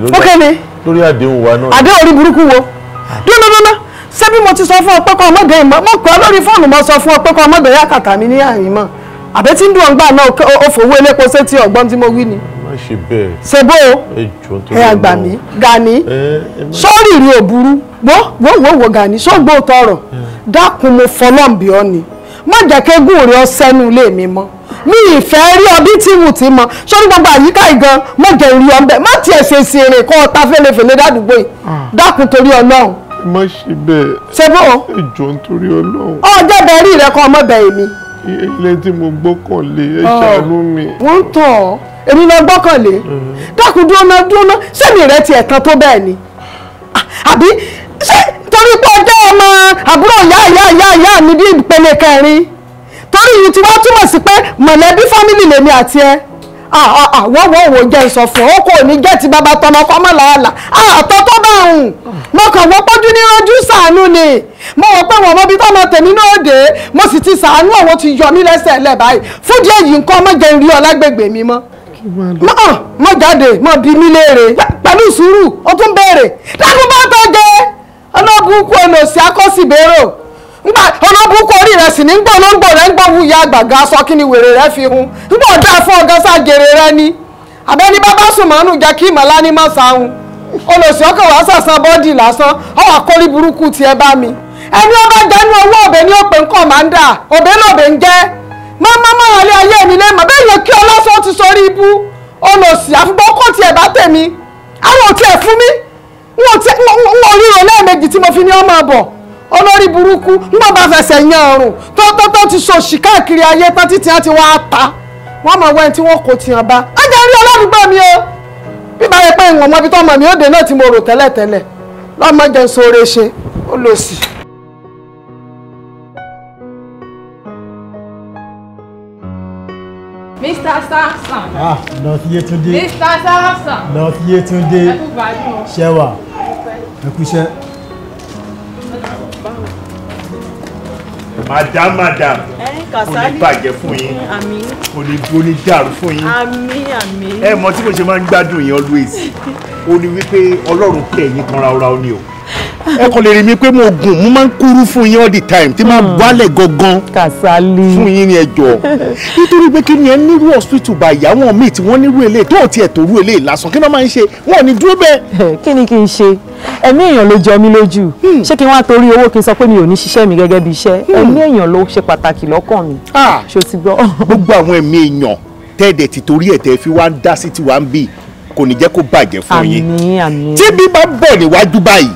C: lórí àdéhùn wa náà. àdéhùn
F: orí burúkú wo ah. dúnú dúnú ṣé bí mo ti sọ fún ọ pé kọ́ ọmọdé yìí mọ́ mo kọ́ lórí fóònù mo sọ fún ọ pé kọ́ ọmọdé yà kàtà mi ní àyìn mọ́ àbẹ́ tí ń dùn ọgbà náà ó fòwú elépo sétí ọ̀gbọ́n tí mo wí ni.
C: má ṣe bẹ́ẹ̀. ṣe bó o ẹ àgbà mi
F: Gani sórí ìrì òburú wo wo wo wo Gani sógbó tọrọ dákun mo fọlọ́ǹbì ọ ni má jẹ́ kégún rẹ ọ sẹ́nu ilé mi mọ́ mi ìfẹ́ rí ọbí tí wù tí mọ sórí gbogbo àyíká ìgan má jẹ́ rí ọ bẹ́ẹ̀ má tiẹ̀ ṣèṣì rìn kọ́ ọ ta fẹ́lẹ́fẹ́lẹ́ dádùúgbò yìí ah. dákun torí Ọlọ́run má ṣe bẹ́ẹ̀. ṣe bó.
C: ìjọ nítorí ọlọ́run.
F: ọ jẹ́bẹ̀ẹ́ rí rẹ kan ọmọ bẹ̀ẹ́ mi. ilé tí mo gbọ́kànlé ẹ ṣàánú mi. wọ́n tọ̀ ọ́ èmi lọ gbọ́kànlé mm-hmm. dákun dúró náà dúró náà sẹ́mi rẹ tiẹ̀ tán tó bẹ́ẹ̀ ni àbí ṣé torí pé ọjọ́ ọmọ àbúrò ìyá ìyá ìyá ìyá mi bí ìpele kẹrin torí yìí tí wọ́n túmọ̀ sí pé mọ̀lẹ́bí fámìlì lèmi àti ẹ wọ́n wọ́n wò jẹ́ ìsọ̀fún ó kò ní jẹ́ ti bàbá tọmọ kọ́mọ làálà àtọ́ ah, tó bá hùn mo kàn wọ́n pọ́jú ní ojú sàánú ni mo wọ́n pé wọ́n mọ bí tọ́mọ tèmi náà dé mo sì ti sàánú ọ̀wọ́ ti yọ mí lẹ́sẹ̀ lẹ̀ báyìí fúdí èyí nǹkan ọmọ jẹun rí ọ lágbègbè mi mọ́ mọ ah, jáde mọ bí mi léèrè pẹ̀lú sùúrù ó tún béèrè dákúbọ́tọ̀ jẹ ọlọ́gùn kú ọ̀nà òsì akọ́sìbérò ngba ológun kó orí rẹ̀ sì ní gbọ́ olóńgbò rẹ̀ ń gbọ́ wúya gbàgà sọ kí ni wèrè rẹ̀ fi hun ngbọ́ ọ̀dà fún ọgá ságèrè rẹ̀ ni àbẹ́ni bábá sùnmọ́nù jẹ́ kí ìmọ̀lá ní mọ̀ sáhùn olùsí ọkọ̀ wàá sàsan bọ́ọ̀dì lásán ọwọ́ àkórí burúkú tiẹ̀ bá mi ẹni ọba jẹnu owó òbẹ ní òpè ń kọ̀mándà òbẹ lòbẹ ń jẹ́ mọ́mọ́mọ́ ọ̀lẹ́ ayé mi lẹ́mọ̀ bẹ́ẹ̀ yẹ kí ọlọ́sọ ti sọrí ibú olùsí àfúgbọ́ kò tiẹ̀ bá tèmi àwọn ò tiẹ̀ fún mi n ò ríro lẹ́ẹ̀mejì tí mo fi ní ọmọ bọ̀ olórí burúkú nígbà bá fẹsẹ̀ yan ọrùn tó tó tó ti sòṣì káàkiri ayé tán títí á ti wá ta wọ́n mọ̀ wẹ́n tí wọ́n kò tiyan bá á jẹ́ rí ọlọ́dúngbà mi o bíbá yẹ pé ìwọ̀n mọ́bi tó mọ̀ mí ó dé náà tí mo rò tẹ́lẹ̀ lọ́mọ jẹun sóore ṣe ó lọ sí
J: Mr. Samson. Ah,
C: Nurse Yetunde. Mr.
J: Samson. Nurse
C: Yetunde. Ẹ kú gbádùn. Ṣẹ́wà. Ẹ kú iṣẹ́. madam madam
G: kò ní bàjẹ́ fún yín
C: kò ní dúró ní dàrú fún yín ẹ mọ̀ tí mo ṣe máa ń gbádùn yín always ó ní wípé ọlọ́run kẹ́ ẹ̀yin kanra ọ̀ra ó ní o ẹ kàn lè rí mi pé mo gùn mo máa ń kúrú fún yín all the time tí máa wálẹ̀ hmm. gangan fún yín ní ẹjọ́ nítorí pé kí ni ẹ nírú hospital bá ìyá wọn tí wọ́n nírú eléyìí tó tiẹ̀ tó rú eléyìí lásán kí ni wọ́n máa ń ṣe wọn ní dúró bẹ́ẹ̀. kí ni kí n ṣe ẹ̀mí èèyàn ló jọ mí lójú hmm. ṣé kí n wá torí owó kí n sọ pé mi ò ní ṣiṣẹ́ mi gẹ́gẹ́ bí iṣẹ́ hmm. ẹ̀mí èèyàn ló ṣe pàtàkì lọ́kàn mi kò ní jẹ́ kó bàjẹ́ fún yín tí bí bá bọ̀ níwájú báyìí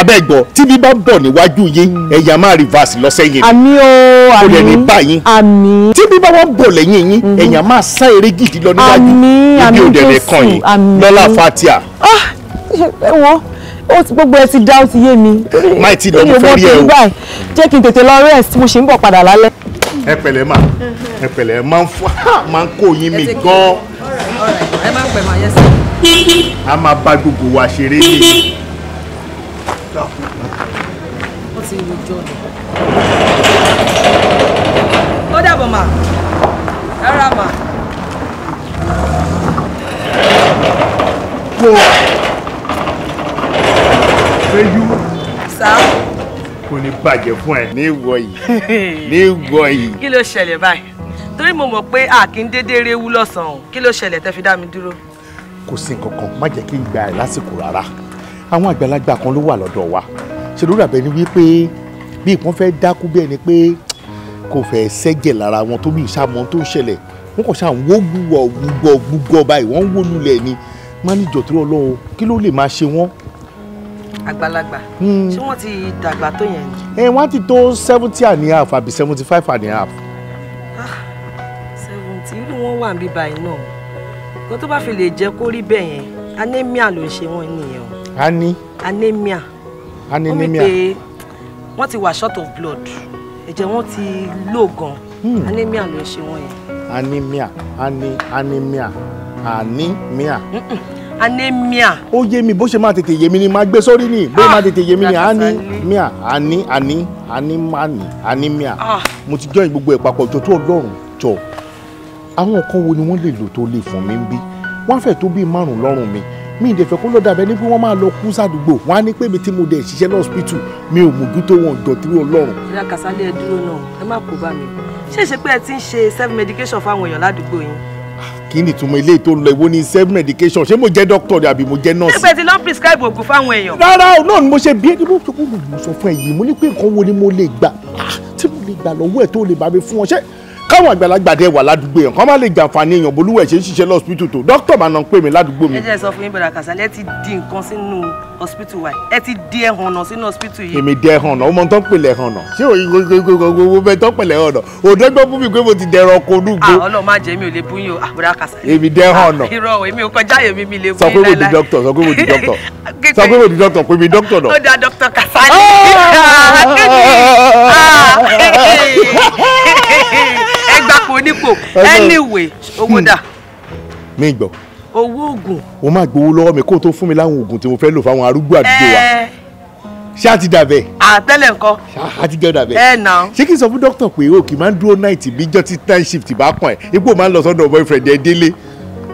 C: abẹ́gbọ́ tí bí bá bọ̀ níwájú yín mm. ẹ̀yà máa reverse lọ sẹ́yìn. àmì o àmì kò lè ní báyìí. àmì. tí bí bá wà bọ̀ lẹ́yìn yín mm-hmm. ẹ̀yà máa sá eré gidi lọ níwájú. àmì àmì jésù àmì. lọ́lá fatia. ah ẹ wọ́n ó ti
G: gbogbo ẹ ti dá ó ti yé mi. má ti lọ fẹ́ rí ẹ o. jẹ́ kí n tètè lọ rest mo ṣe ń bọ̀ padà
C: lálẹ́. ẹ pẹ̀lẹ́ mà ẹ pẹ̀lẹ́ máa ń fọ máa ń kó yín mi gan.
H: ẹ máa ń pẹ̀ máa
C: a máa bá gbogbo wa ṣeré ní
H: wọ́n ti lu jọ lọ. ó dàbọ̀ mà rárá mà. kò péjú. sá.
C: kò ní bàjẹ́ fún ẹ. ní ìwọ
H: yìí
C: ní ìwọ yìí.
H: kí ló ṣẹlẹ̀ báyìí torí mo mọ̀ pé a kì í déédéé rewu lọ́sàn-án kí ló ṣẹlẹ̀ tẹ́ fi dá mi dúró.
C: kò sí nǹkan kan má jẹ́ kí n gba ẹ̀ lásìkò rárá àwọn àgbàlagbà kan ló wà lọ́dọ̀ wa ṣèlúrò àbẹ̀ni wípé bí ìpọ́n fẹ́ dákú bẹ́ẹ̀ ni pé kò fẹ́ sẹ́jẹ̀ lára wọn tó bí ìṣàmọ́ tó ń ṣẹlẹ̀ wọn kò ṣáà wó gbúgbọ gbúgbọ gbúgbọ báyìí wọ́n ń wó ni mánìjọ tó lọ o kí ló lè máa ṣe wọ́n.
H: àgbàlagbà hmm. ṣé wọ́n ti dàgbà tó yẹn.
C: ẹ wọ́n ti tó seventy and a half àbí seventy five and a half.
H: Ah, seventy irú wọn wà níbí báyìí náà kó tó bá fi lè jẹ́ kó rí bẹ́ẹ̀ yẹn anemia ló ń ṣe wọ́n nìyẹn o ani. anemia. anemia. ó wí wọ́n ti wà short of blood ẹ̀jẹ̀ wọn ti low gan hmm. anemia ló ṣe wọ́n yẹn.
C: anemia ani anemia anemia. anemia. ó yé mi bó ṣe máa tètè yé mi ni máa gbé sórí ni bó ṣe máa ah, tètè yé mi ni anemia ani ah. ani animani anemia mo ti join gbogbo ẹ̀ papọ̀ jọ tó ọlọ́run jọ àwọn nǹkan wo ni wọ́n lè lò tó lè fún mi ń bí wọ́n á tó bíi márùn-ún lọ́rùn mi mi ìdè fẹ́ kó lọ́ọ́ dàbẹ́ ní pé wọ́n máa lọ kú sàdúgbò wọn á ní pé mi tí mo dẹ̀ ṣiṣẹ́ ní hospital mi ò mọ̀gún tó wọn dọ̀tí ọlọ́run.
H: ìyá kàsálẹ̀ ẹ dúró náà ẹ má kó bá mi ṣé ìṣe pé ẹ ti ń ṣe self medication fáwọn èèyàn ládùúgbò yín.
C: Ah, kí ni ìtumọ̀ ilé tó ń lọ ìwọ ni self medication ṣé mo jẹ́ doctor àbí mo jẹ́ nurse. ẹgbẹ́
H: ti lọ prescribe oògùn fáwọn èèyàn. rárá
C: mo ṣe bí ẹni mo mo ní pé nǹkan ni mo lè gbà ah, tí mo lè gbà lọ́wọ́ ẹ̀ tó lè bá káwọn àgbàlagbà dẹ wà ládùúgbò yẹn kán má lè jàǹfààní èèyàn bolúwẹ̀ ṣe ń ṣiṣẹ́ lọ́sibítù tó dókítà máa nà ń pè mí ládùúgbò mi. ẹ
H: jẹ́ sọ fún yín bẹ̀rẹ̀ àkàṣálẹ̀ ẹ ti di nǹkan sínú hospital wa ẹ ti di ẹ̀hàn ọ̀nà sínú hospital yìí. èmi
C: dẹ ẹ̀hàn ọ̀nà ó mọ tán pèlè ẹ̀hàn ọ̀nà ṣé òyìnbó bẹ tán pèlè ẹ̀hàn ọ̀nà òde gbọ́ fún mi pé mo ti dẹ̀rọ ọkọ̀ olúgbó. Ah,
H: ọlọ́run má jẹ́ mi ò lè bú yín o àbúrò ah, àkàṣà. èmi dẹ ẹ̀hàn ọ̀nà. Ah, irọ́ èmi ò kọjá èmi mi lè bú yín láéláé. sọ pé mo di dókítà sọ
C: pé mo di dókítà pé mi
H: dókítà náà. ó da dókítà Kasali. gbapò onípò anyway owó dà.
C: Hmm. mi gbọ́.
H: owó oògùn.
C: o máa gbowó lọ́wọ́ mi kó o tó fún mi láwọn oògùn tí mo fẹ́ lò fáwọn arúgbó àdúgbò wa eh. ṣé a ti dà bẹ́ẹ̀.
H: àtẹ́lẹ̀ nǹkan.
C: a ti jọ dà bẹ́ẹ̀. ẹ eh, nà. ṣé kí n sọ fún dókítà pé o kì í máa ń dúró náìtì bíjọ́ tí time shift bá kàn ẹ́ ipò máa ń lọ sọ́dọ̀ boyfriend ẹ délé.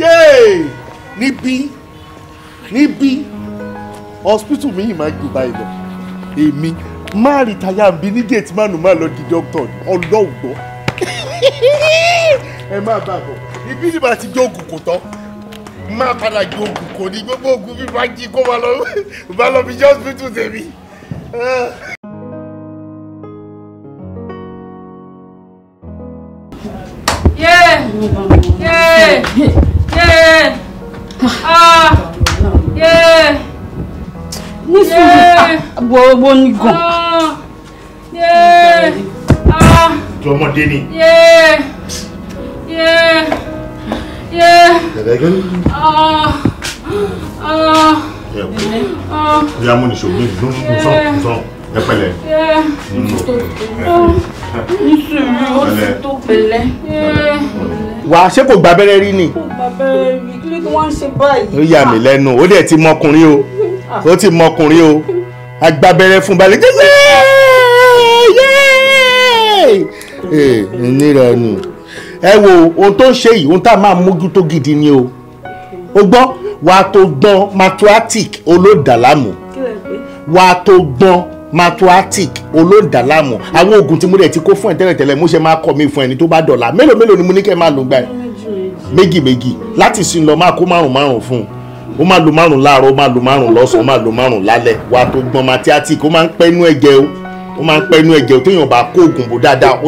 C: yéè níbí níbí hospital mi yìí máa gbé báyìí lọ èmi má rí táyà ń bí ní gate mánu má lọ di doctor ọlọ́gbọ́ ẹ má bà bọ̀ ibi ni màá ti jẹ́ oògùn kò tán má padà jẹ́ oògùn kò ní gbogbo oògùn bí bá jí kó má lọ fi jẹ́ hospital tèmi. Yeah. Yeah. Ah,
I: ah. Ah. Yeah. Yeah. Yeah. Yeah. ní sùúrù Yeah. Yeah. Yeah. jọmọdé ni. bẹ̀rẹ̀ gẹ́gẹ́ ní. ìyá Yeah,
C: ní sòwò ní ìdúró sọ̀rọ̀ sọ̀rọ̀ ẹ pẹ̀lẹ́.
I: nítorí ó ti tó pẹ̀lẹ́.
C: wàá ṣé kò gba abẹ́rẹ́ rí ni. kò
I: gba abẹ́rẹ́ rí kí ló ti wá ń ṣe báyìí. ó yà mí
C: lẹ́nu ó dẹ̀ ti mọkùnrin o ó ti mọkùnrin o agbábẹ́rẹ́ fún balẹ̀ jẹ́sẹ̀ yéé ẹ wo ohun tó ń ṣe yìí ohun tá a máa mójútó gidi ni o o gbọ́ wàá tó gbọ́n mathematics olódàlámù wàá tó gbọ́n matuatic olóńdàlámù àwọn oògùn tí mo dẹ̀ ti kó fún ẹ tẹ́lẹ̀tẹ́lẹ̀ mo ṣe máa kọ́ mi fún ẹni tó bá dọ̀la mélòó mélòó ni mo ní kẹ́ máa lò gbà ẹ́ méjì méjì láti sin lọ máa kó márùn márùn fún un ó máa lo márùn láàárọ̀ ó máa lo márùn lọ́sàn-án ó máa lo márùn lálẹ́ wàá tó gbọ́n matuatic ó máa ń pẹ́ inú ẹ̀jẹ̀ o ó máa ń pẹ́ inú ẹ̀jẹ̀ o téèyàn bá kó oògùn bò dáadáa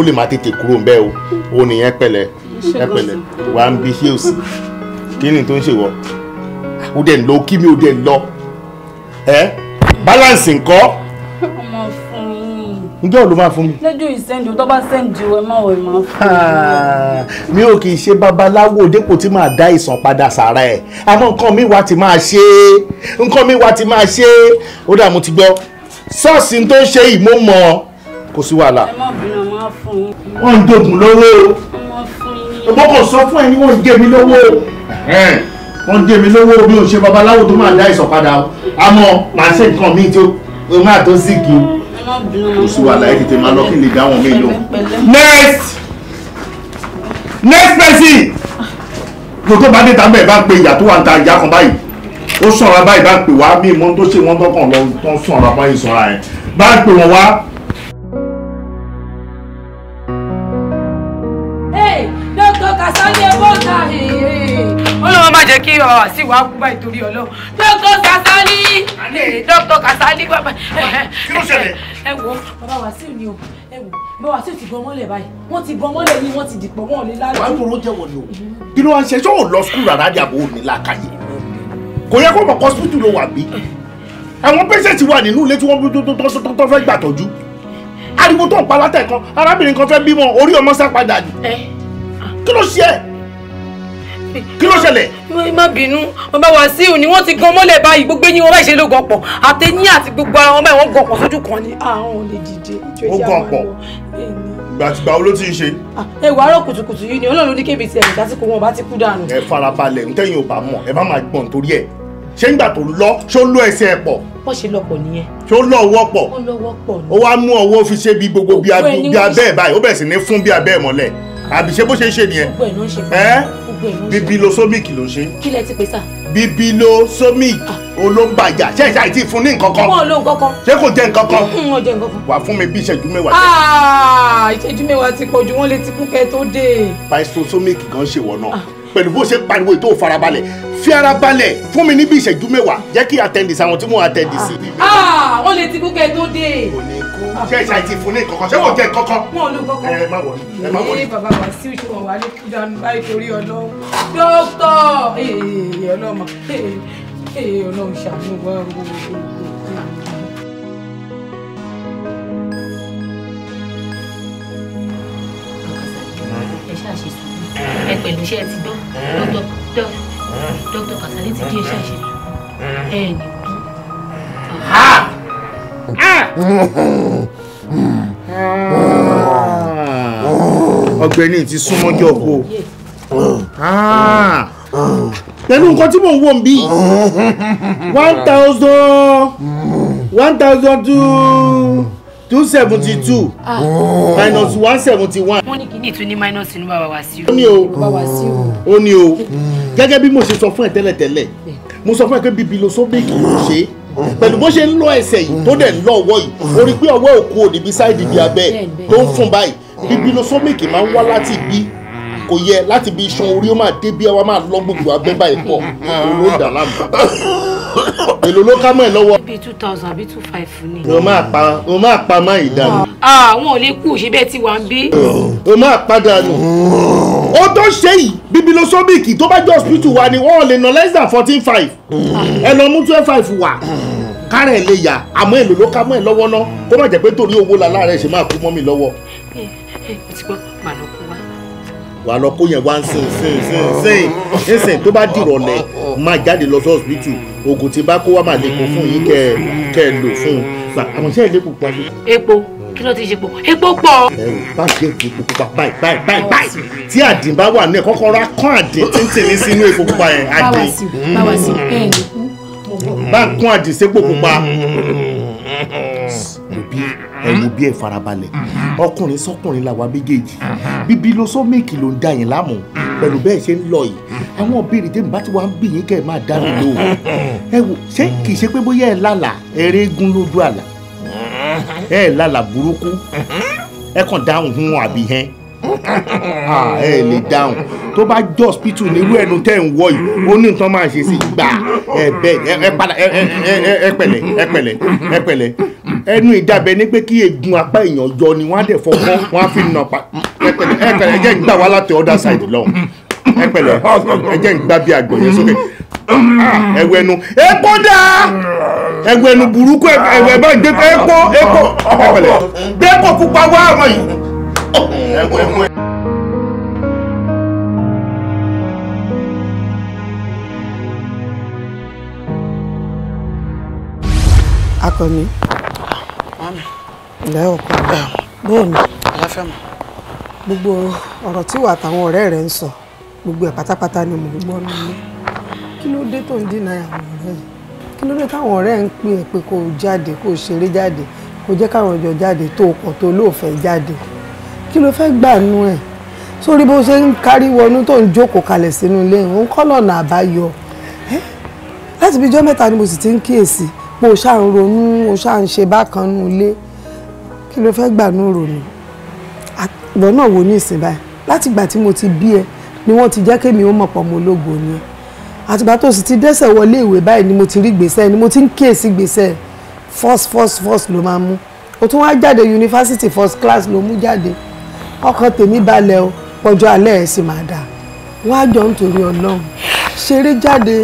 C: ó lè balance ńkọ́ ǹjẹ́ ò ló máa fún mi.
J: lójú ìsẹ́ndì tó bá sẹ́ndì ẹ
C: máa wẹ̀ máa fún mi. Ah, mi ò kì í ṣe babaláwo dépò tí màá dá ìsàn padà sára ẹ̀ àmọ́ nǹkan mi wá ti máa ṣe é nǹkan mi wá ti máa ṣe é ó dà mo ti gbọ́ ṣọ́ọ̀ṣì tó ń ṣe yìí mo mọ̀ kò sí wàhálà. ẹ
J: má bínú ọmọ fún yín. wọ́n ń dogun
C: lówó. ọmọ fún kò sọ fún ẹ ní wọ́n ń gé mi lówó wọ́n dé mi lówó bí o ṣe babaláwo tó máa dá ìsọ̀padà àmọ́ màá ṣe nǹkan míì tó máa tó sígi next next person gbogbo bá dé tàbí ẹ bá ń pe ìyá tó wà ń ta ìyá kan báyìí ó sọ̀rọ̀ báyìí bá ń pè wá bí mo tó ṣe wọ́n tọkàn lọ tó ń sọ̀rọ̀ báyìí sọ̀rọ̀ ẹ̀ bá pè wọ́n wá
J: jẹ́ kí ọ sì wá kú báyìí torí Ọlọ́run dókítà Kasali eh, dókítà Kasali bàbá kí ló eh, eh, ṣẹlẹ̀. ẹ wo bàbá Wàsíù ni o ẹ wo bàbá Wàsíù ti gbọmọ lẹ báyìí
F: wọn ti gbọmọ lẹ yìí wọn ti dìpọ̀ wọn ò lè lálẹ́. wàá gbọ́dọ̀ jẹ́wọ́ ni o
C: kí ló wá ń ṣe ṣé ò lọ skul rárá ni àbò òní làákàyè kò yẹ kó mọ̀ hospital ló wà bí àwọn pẹ́sẹ̀tì wà nínú ilé tí wọ́n tó fẹ́ gbàtọ́jú ariwo tó ń pa látẹ̀kan arábìnrin kan fẹ́ bímọ orí
F: ọmọ sá padà ah. kí ló ṣe é kí ló ṣẹlẹ̀. má bínú bàbá Wàsíù ni wọ́n ti gan mọ́lẹ̀ báyìí gbogbo eyín wọn báyìí ṣe ló gan pọ̀ àtẹ̀yìn àti gbogbo ara wọn báyìí wọ́n gan pọ̀ sójú kan ni ah, àwọn ò lè dìde.
C: ó gan pọ̀ gbàtìgbà wo ló ti ń ṣe.
J: Ah, ẹ wà á rọ kùtùkùtù yìí ni Ọlọ́run ní kébìtì ẹ̀rù dásìkò wọn bá ti kú dànù. ẹ
C: farabalẹ̀ ntẹ́yìn ò bá mọ̀ ẹ má máa gbọ̀n torí ẹ̀ ṣé ń gbà tó lọ ṣó lọ ẹsẹ̀ ẹ̀ pọ̀.
J: wọ́n ṣe lọ́pọ̀ nìyẹn.
C: ṣó lọ ọwọ́ pọ̀. ó
J: lọ ọwọ́ pọ̀ ni. ó
C: wá mú ọwọ́ fi ṣe bí gbogbo bí abẹ́ ẹ̀ báyìí ó bẹ̀ sí ní fún bí abẹ́ mọ́lẹ̀ àbí ṣé bó ṣe ń ṣe nìyẹn. gbogbo
J: ẹ̀ ló ń ṣe fún mi.
C: bibilosomiki ló ń ṣe. kí lẹ ti pè sá. bibilosomiki ah. olóńgbàjà ṣé ìṣe àìtí fún ní nǹkan kan. wọn ò lo nǹkan kan. ṣé kò jẹ nǹkan kan. wọn ò jẹ nǹkan kan. wà fún mi bí ìṣẹ́jú mẹ́wàá. Ah,
J: ìṣẹ́jú mẹ́wàá ti pọ̀
C: wọ́n lè ti kú kẹ́ tó dé. paisosomic gan ṣèwọ náà ah. pẹ̀lú bó ṣe pariwo ètò ìfarabalẹ̀ fi ara balẹ̀ fún mi níbi ìṣẹ́jú mẹ́wàá jẹ́ kí àtẹ̀ǹdì sáwọn tí mò ń àtẹ̀ǹdì sí.
F: Ah, ah, wọ́n lè ti kú kẹ́ tó dé. kò ní kú ṣé ìṣe àti ìfun
C: ní ìkọ̀kọ̀ ṣé kò jẹ́ ìkọ̀kọ̀.
F: wọn ò lo kọ̀kọ̀. ẹ má wọlé ẹ má wọlé. ee bàbá wa sí ìṣe wọn wà ní kú dànù báyìí torí ọlọ dókítà ee ọlọmọ ee ọlọmọ ṣàánú wa gbogbo.
J: ẹ pẹ̀lú iṣẹ́ ti gbọ́ lọ́dọ̀ dọ́ dókítà Kasali ti di iṣẹ́ ìṣètò mm-hmm. ẹ̀
E: ní kú. Ah! Ah!
C: ọ̀gbẹ́ni ti súnmọ́jọ́ kó pẹ̀lú nǹkan tí mò ń wò ń bí mm-hmm. one thousand one thousand two two seventy two ah.
J: oh. minus
C: one seventy one.
J: wọ́n ní kìíní tún ní minus inú bàbá wá sí o. ó ní o
C: ó ní o hmm. gẹ́gẹ́ bí mo ṣe sọ fún ẹ tẹ́lẹ̀tẹ́lẹ̀ mo sọ fún ẹ pé bíbí lo sóbìkì ló ṣe é pẹ̀lú bó ṣe ń lọ ẹsẹ̀ yìí tó dẹ̀ ń lọ ọwọ́ yìí ó rí pé ọwọ́ òkú òdìbí sáìdì bíi abẹ́ tó ń fún báyìí bíbí lo sóbìkì máa ń wá láti bí kò yẹ láti bí iṣan orí ó máa dé bí ẹ wá máa lọ gbogbo abẹ́ báyìí pọ̀ òun ló dà láàmú èlò ló ká mọ́ ẹ lọ́wọ́.
J: bíi two thousand àbí two five ni. o
C: máa pa o máa pa má ìdánù.
J: Ah, àwọn ò lè kú ṣe bẹ́ẹ̀ ti wà ń bí.
C: o máa pa nù. ó tó ṣe yìí bíbí ló sọ́bìkì tó bá jẹ́ hospital wa ni wọ́n lè ná less than fourteen five ẹ lọ mú twelve five wá kárẹ̀ lè yà àmọ́ èlò ló ká mọ́ ẹ lọ́wọ́ ná kó má jẹ́ pé torí owó la láàárẹ̀ ṣe máa kú mọ́ mi lọ́wọ́.
E: ẹ eh, ẹ eh, ti gbọ́
J: màá
C: wàá lọ kó yẹn wá ń sìn sìn sìn sìn nísìn tó bá dìrọ̀lẹ́ máa jáde lọ sọ́ọ̀sìbítù oògùn tí bá kó wá máa lè fún yín kẹ́ kẹ́ lò fún un gbà àwọn iṣẹ́ ìlẹ́kù pa
J: epo kí ló ti ṣe po epo pọ̀.
C: ẹ ò bá ṣe epo pupa báyìí báyìí báyìí báyìí tí àdín bá wà ní ẹ kọ́kọ́ rá kán àdín tí ń tèmi sínú epo pupa yẹn àdín. bá ń kún àdín sí pupa. Mm. Mm-hmm. ẹ wo bí ẹ farabalẹ̀ mm-hmm. ọkùnrin sọkùnrin làwa méjèèjì mm-hmm. bíbí ló sọ méèkì ló ń da yín láàmú pẹ̀lú bẹ́ẹ̀ ṣe ń lọ yìí àwọn òbèrè tèmi bá ti wá ń bì yín kẹ́ ẹ máa dá mi lò ó ẹ wò ṣé kì í ṣe pé bóyá ẹ lálà eré gún lójú àlà ẹ lálà burúkú ẹ kàn dáhùn hún àbí hẹ́n ah, ẹ lè dáhùn tó bá jọ hospital nírú ẹnu tẹ́ ń wọ yìí ó ní nǹkan máa ṣe sí gbà ẹ bẹ́ẹ̀ ẹ padà ẹ pẹ̀lẹ́ ẹ pẹ̀lẹ́ ẹ pẹ̀lẹ́ ẹnu ìdábẹ́ ní pé kí egun apá èèyàn yọ ni wọ́n á dẹ̀ fọwọ́ wọ́n á fi nà pa ẹ̀pẹ̀lẹ̀ ẹ̀jẹ̀ ń gbà wá láti other side lọ́hùn ẹ̀pẹ̀lẹ̀ ẹ̀jẹ̀ ń gbà bí àgbọ̀ yẹn sókè ah, ẹ̀wẹ̀ ẹnu epo dáa ẹ̀wẹ̀ ẹnu burúkú ẹ̀wẹ̀ bá gbé epo epo ẹ̀pẹ̀lẹ̀ gbé epo pupa wá ọmọ yìí ẹ̀wẹ̀ ẹ̀wẹ̀.
D: akọni ǹlẹ́ ọkọ bẹ́ẹ̀
F: ni gbogbo ọ̀rọ̀ tí wàá àtàwọn ọ̀rẹ́ rẹ̀ ń sọ gbogbo ẹ̀ pátápátá ni mò ń gbọ́ nílé kí ló dé tó ń dínà àwọn ọ̀rẹ́ yìí kí ló dé táwọn ọ̀rẹ́ ń pè é pé kò jáde kò ṣeré jáde kò jẹ́ káwọn ọjọ́ jáde tó pọ̀ tó lóòfẹ́ jáde kí ló fẹ́ gbà nú ẹ̀ sórí bó ṣe ń kárí wọnú tó ń jókòó kalẹ̀ sínú ilé òun kọ́ lọ́nà àbáyọ láti bíjọ́ mẹ́ta ni mo sì ti ń kíyèsí pé o ṣáà o ṣáà bákan nú ilé kí ló fẹ́ gbà ní òrò ni àgbọ̀ náà wò ní ìsìn báyìí látìgbà tí mo ti bí ẹ ni wọ́n ti jẹ́ kémi ó mọ̀ pọ̀ mo lógo ni ẹ àtìgbà tó sì ti dẹ́sẹ̀ wọlé ìwé báyìí ni mo ti rí gbèsè ni mo ti ń kíyèsí gbèsè first first first ló máa mú o tún wá jáde yunifásitì first class ló mú jáde ọkàn tèmi balẹ̀ o pọ̀jọ́ alẹ́ ẹ̀ sì máa dà wọ́n á jọ nítorí ọlọ́run ṣeré jáde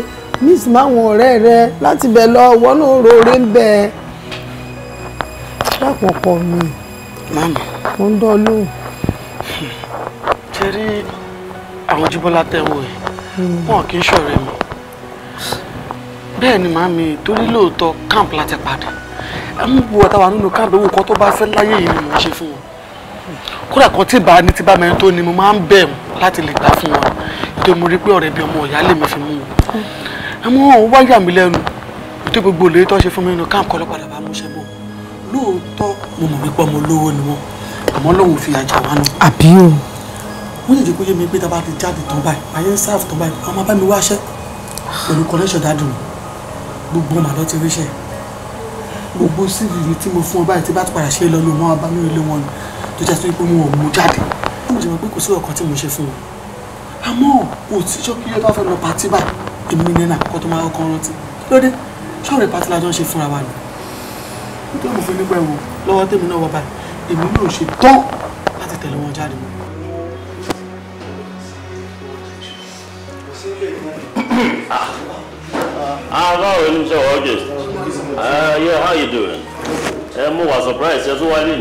F: miss máwọn ọ̀rẹ́ rẹ láti bẹ̀ lọ wọ́n náà rọrẹ́ ń bẹ́ẹ̀ ṣàpọ̀pọ̀ mi mami mo ń dán lóhùn.
D: ṣe rí àwọn jíbọ́lá tẹ́wọ̀ ẹ̀ hmm. wọn kì í ṣọ̀rẹ́ mi bẹ́ẹ̀ màmí torí lóòótọ́ camp láti padà amúgbò àtàwà nínú camp ewu kan tó bá fẹ́ láyé yìí ni mò ń ṣe fún wọn kódà kan tí bá ní tí bá mẹ́rin tó ni mo máa ń bẹ̀ wọ́n láti lè gbà fún wọn nítorí mo rí pé ọ̀rẹ́ bí ọmọ ìyá lèmi fi mú wọn àmọ́ òun wá yà mí lẹ́nu nítorí gbogbo olóyè tó ṣe fún mi nínú camp kọ́ lọ́padà lóòótọ́ mo mọ̀ wípé ọmọ olówó ni wọ́n àmọ́ lọ́hùn fi àjà wá nù. àbí o. wọ́n lè jẹ́ kó yé mi pé tá a bá ti jáde tán báyìí ayé ń sáàfù tán báyìí àwọn máa bá mi wáṣẹ́ pẹ̀lú connection dádùn gbogbo ọmọ àlọ́ ti ríṣẹ́ gbogbo síbi mi tí mo fún ọ báyìí tí bá ti padà ṣe é lọ ló máa bá mi rí lé wọn tó jẹ́ pé mo ò mú jáde ó mọ̀ jẹ́ pé kò sí ọ̀kan tí mo ṣe fún wọn àmọ́ kò síjọ́ kí yóò bá fẹ́ lọ pàtí báyìí èmi nínú àkọ́kọ́ tó máa kọ́ rántí lóde nítorí mo fi nípa ẹ̀wò lọ́wọ́ tèmi náà wá báyìí èmi náà ṣe tán láti tẹ̀lé wọn jáde mọ́.
A: Hello, Mr. August. Uh, yeah, how you doing? Uh, mo surprised. Ẹ tún wá lè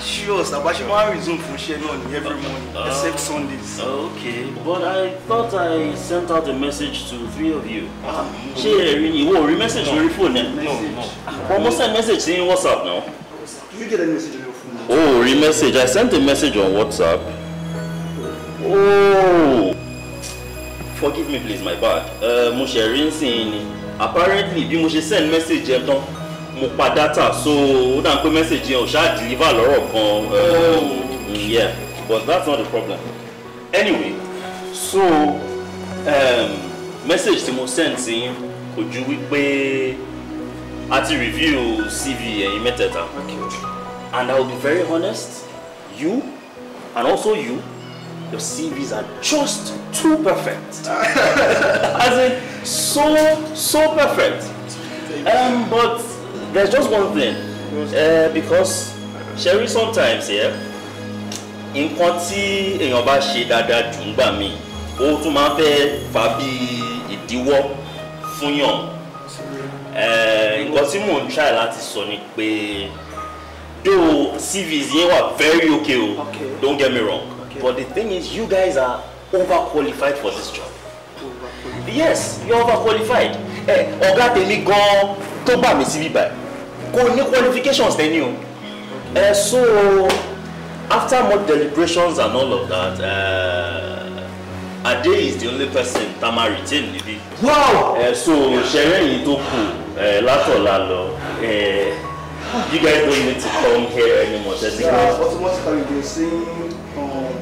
A: sure Sabashi máa ń resume fún iṣẹ́ náà every morning uh, except Sundays. okay but I thought I sent out a message to three of you. Ah, ṣé ẹ rí ìwọ your phone message No, fóònù ẹ? ọmọ send message sí WhatsApp náà. you get any message on your phone? Oh, ò message I sent a message on WhatsApp. Oh. forgive me please my bad eh, mo ṣe rí nsìn ni apparently bí mo message yẹn tán mo pa data so ó dà ń pé message yẹn ò ṣáà deliver lọ́rọ̀ kan oh, mm, yeah but that's not the problem anyway so um, message tí mo send sí yín kò ju wípé a ti review CV ẹ̀yin mẹ́tẹ̀ẹ̀ta and I will be very honest you and also you your CVs are just too perfect. As in, so, so perfect. Um, but there's just one thing uh, because sherry sometimes yeah, nǹkan tí èèyàn bá ṣe dáadáa jù ń gbà mí ó tún máa ń fẹ́ fa bí ìdíwọ́ fúnyàn eh, nǹkan tí mò ń try láti sọ ni pé though CVs yẹn wà very okay o okay. don't get me wrong okay. but the thing is you guys are overqualified for this job yes you're overqualified eh, ọ̀gá tèmi gan-an tó bá mi síbí báyìí kò ní qualifications tẹ́ni o ẹ so after much deliberations and all of that uh, Ade is the only person tá máa retain níbí. wow ẹ eh, so ṣẹlẹ́yìn tó kù eh, látọ̀la lọ. You guys don't need to come here anymore. That's yeah, automatically they sing um,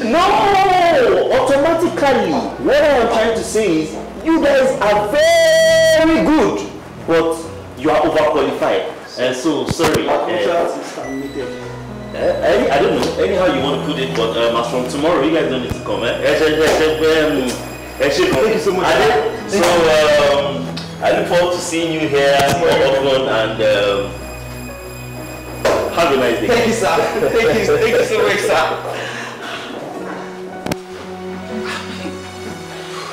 A: the No! Automatically, what I am trying to say is you guys are very good. But you are overqualified. And so, sorry. Uh, eh, any, eh, eh, I don't know. Anyhow you want to put it, but um, uh, as from tomorrow, you guys don't need to come. Eh? Um, thank you so much. Then, so, um, I look forward to seeing you here more often and um, have a nice day. Thank you, sir. Thank you, thank you so much,
B: sir.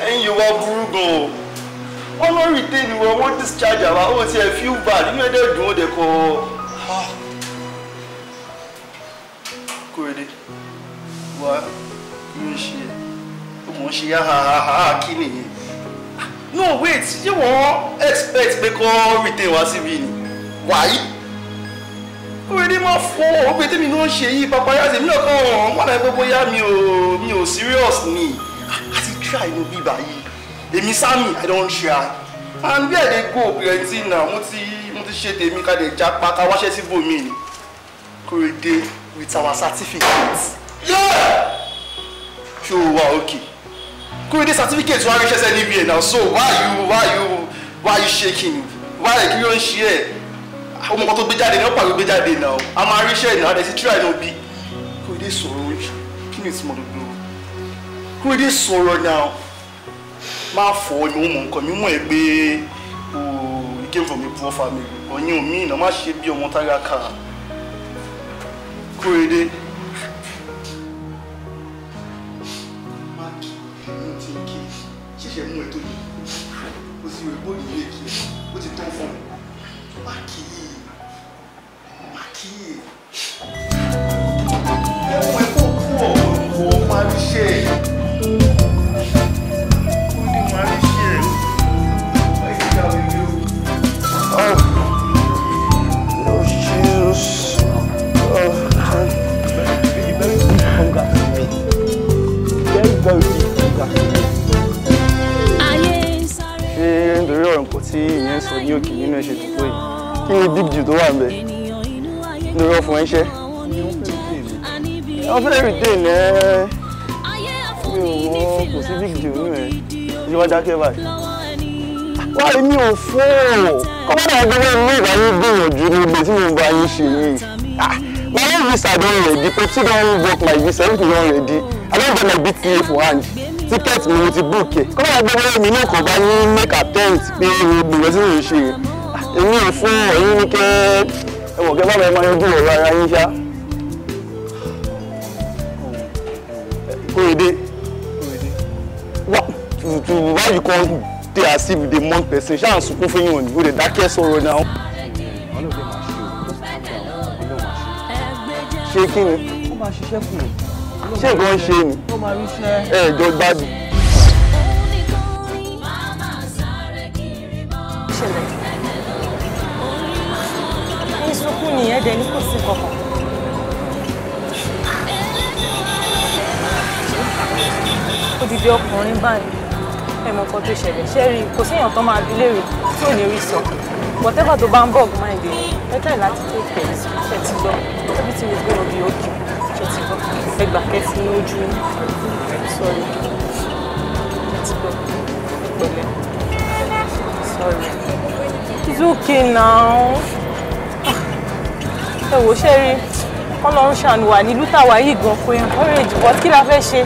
C: And you are Brugal. wọ́n ló retain wọn wọ́n discharge àwa ó ti ẹ̀ feel bad inú ẹ̀dẹ̀ dùn ó dẹ̀ kọ́ kúrèdè
D: wá kí ló ń ṣe
B: ó mọ̀ ń ṣe yá hahaha kí nìyẹn no wait ṣé wọ́n expect pé kọ́ retain wá síbí ni wàyí kúrèdè má fọ ó pé
C: tèmi ló ń ṣe yìí papaya tèmi náà kàn wọ́n náà gbogbo yá mi ò mi ò serious ni àti try inú bíbá yìí èmi sami i don try and where dey go plenty na mo ti mo ti ṣe tèmi ká lè já pátá wáṣẹ́ sí bòmí ni Korede with our certificate. ṣé o wa okay
B: Korede certificate wa ríṣẹ́ sẹ́ni bíi ẹ̀ náà so why you why you why you shaking why kí ló ń ṣe ẹ̀ ọmọ kan tó gbé jáde náà pàrọ̀ gbé jáde náà a máa ríṣẹ́ ìnáwó àdẹ́sí
C: try náà bí Korede sọ̀rọ̀ kí ni ìtumọ̀ gbogbo Korede sọ̀rọ̀ náà má fọ ìwọ mọ nǹkan mi mọ̀ ẹ́ pé o came from a poor family ọ̀yin ò mí ìnà má ṣe bí ọmọ tálákà kúrédé. ṣẹ̀ṣẹ̀ mú ẹ tó yẹ o sì rè bóyá ilé kí ẹ o ti tán fún un má kì
D: í má kì í. ẹ mú ẹ kó kú ọ̀rọ̀ kó má rí ṣe é.
B: everyday nẹ
D: mi ò mọ kò sí big deal nínú ẹ ṣé wàá dákẹ́ báyìí.
B: wá rí mi ò fọ́ kọ́mọ́dà ọgbọ́n mi ìgbà yín gbìyànjú ní ibi tí mo bá yín ṣe yìí. Ah, my own visa don ready pepsi don work my visa everything don ready i don get my bta for hand ticket mi mo ti book ẹ e. kọ́mọ́dà ọgbọ́n mi ní kò bá yín make attempt pé gbogbo ẹ̀ sì ń ṣe ah, èmi ò fún ẹ̀yin ní kẹ́ ẹ̀wọ̀n kẹ́ bá mi máa yanjú ọ̀rọ̀ ara yín ṣáá.
C: come dey as if dey mourn person ṣáà ń sunkún fún yín òyìnbó dey
B: dákẹ́ sọ̀rọ̀ náà. ṣé kí ni.
H: ó máa ṣiṣẹ́ kù.
B: ṣé nǹkan ṣe ni. ó máa rí iṣẹ́. ẹ jọ gbádùn.
G: ṣẹlẹ̀. ìsunkún ni ní kò sí kankan. odidi ọkùnrin báyìí mọ nǹkan tó ṣẹlẹ̀ ṣé rí kò sí tó máa bi léèrè tí ò ní rí sọ whatever tó bá ń bọ̀ ọ̀gbọ́n èdè ẹ tẹ̀ láti tó ìfẹ́ ṣe ti gbọ́ tóbi tí mo gbé
I: lọ bí òkè ṣe ti gbọ́ ẹ gbà kẹ́sí ojú sọ̀rọ̀ ṣe ti gbọ́ pẹ̀lẹ́ sọ̀rọ̀
B: it's okay now ẹ wò ṣe rí
G: kọ́ lọ́run ṣàánú wà nílùú tàwa yìí gan fún ẹ̀ ọ́rẹ́jì bọ́ kí la fẹ́ ṣe.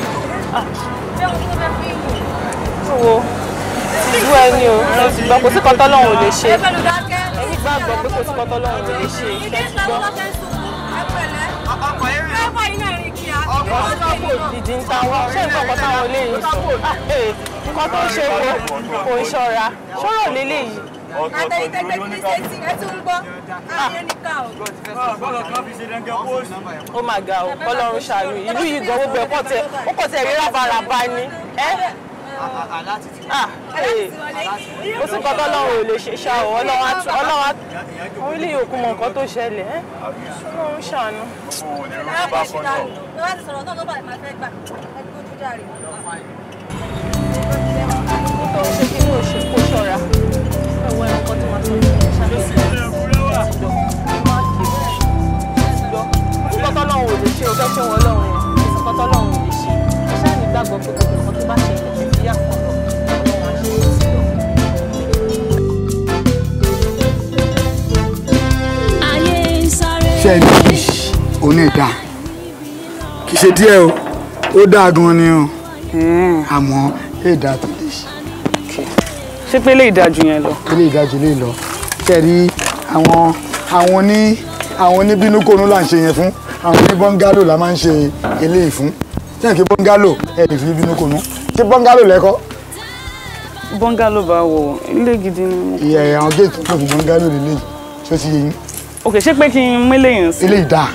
G: ojú ẹ ni o ẹ ti gbọ́ kò sí kan tọ́lọ́run ò lè ṣe èyí gbàgbọ́ pé kò sí kan tọ́lọ́run ò lè ṣe ọkọ̀ eré ọkọ̀ iná rí kíá. ọkọ̀ sápò ìdí ń táwọn ṣé ah, nǹkan eh, kan táwọn lè yìí sọ nǹkan tó ń ṣe wo kò ń ṣọ́ra ṣọ́rọ̀ lélẹ́yìí àtẹ̀yìntẹ́gbẹ́ kí ṣe tí ẹ tún ń gbọ́ ààyè nìkan
I: o.
F: ó mà ga o kọlọ́run ṣàánú ìlú yìí gan gbogbo ẹ̀kọ́ tẹ ó kọ̀ tẹ̀ rí rábaraba ni
B: aláti ah, ah, ah, ti wọlé. Eh, ó sì kọ́ tọ́lọ́run
G: ò lè ṣe ṣá o
B: ọlọ́wà ọlọ́wà òun lè òkú mọ nǹkan tó ṣẹlẹ̀ ẹ́ ṣùgbọ́n òun ṣàánú. ẹ ò
J: lè ṣe o fẹ́ ṣe wọ́n lọ́run ò
E: lè ṣe ẹ ṣáà ní pé gbogbo
I: nǹkan tó bá ṣẹlẹ̀
E: iṣẹ́
C: ní bíṣì
D: onídà kì í ṣe díẹ̀ o ó dáa gan ni o àmọ́ èdè àti bíṣì. ṣé pé lè dájú yẹn lọ. pé lè dájú lè lọ
C: kẹrí àwọn àwọn ní àwọn oníbínúkónú là ń ṣe yẹn fún àwọn oníbọ́ngálò la máa ń ṣe eléyìí fún tẹ́yìn kí bọ́ngálò ẹ̀ lè fi bínúkónú tí bọ́ngálò lẹ́kọ́.
I: bọ́ngálò bá wò ilé gidi ni.
C: ìyá ẹ̀ àwọn géètì tó fún bọ́ngálò lè léyìí tó ti yé yín.
I: ok ṣé pé kí n mú eléyìí sí. eléyìí dáa.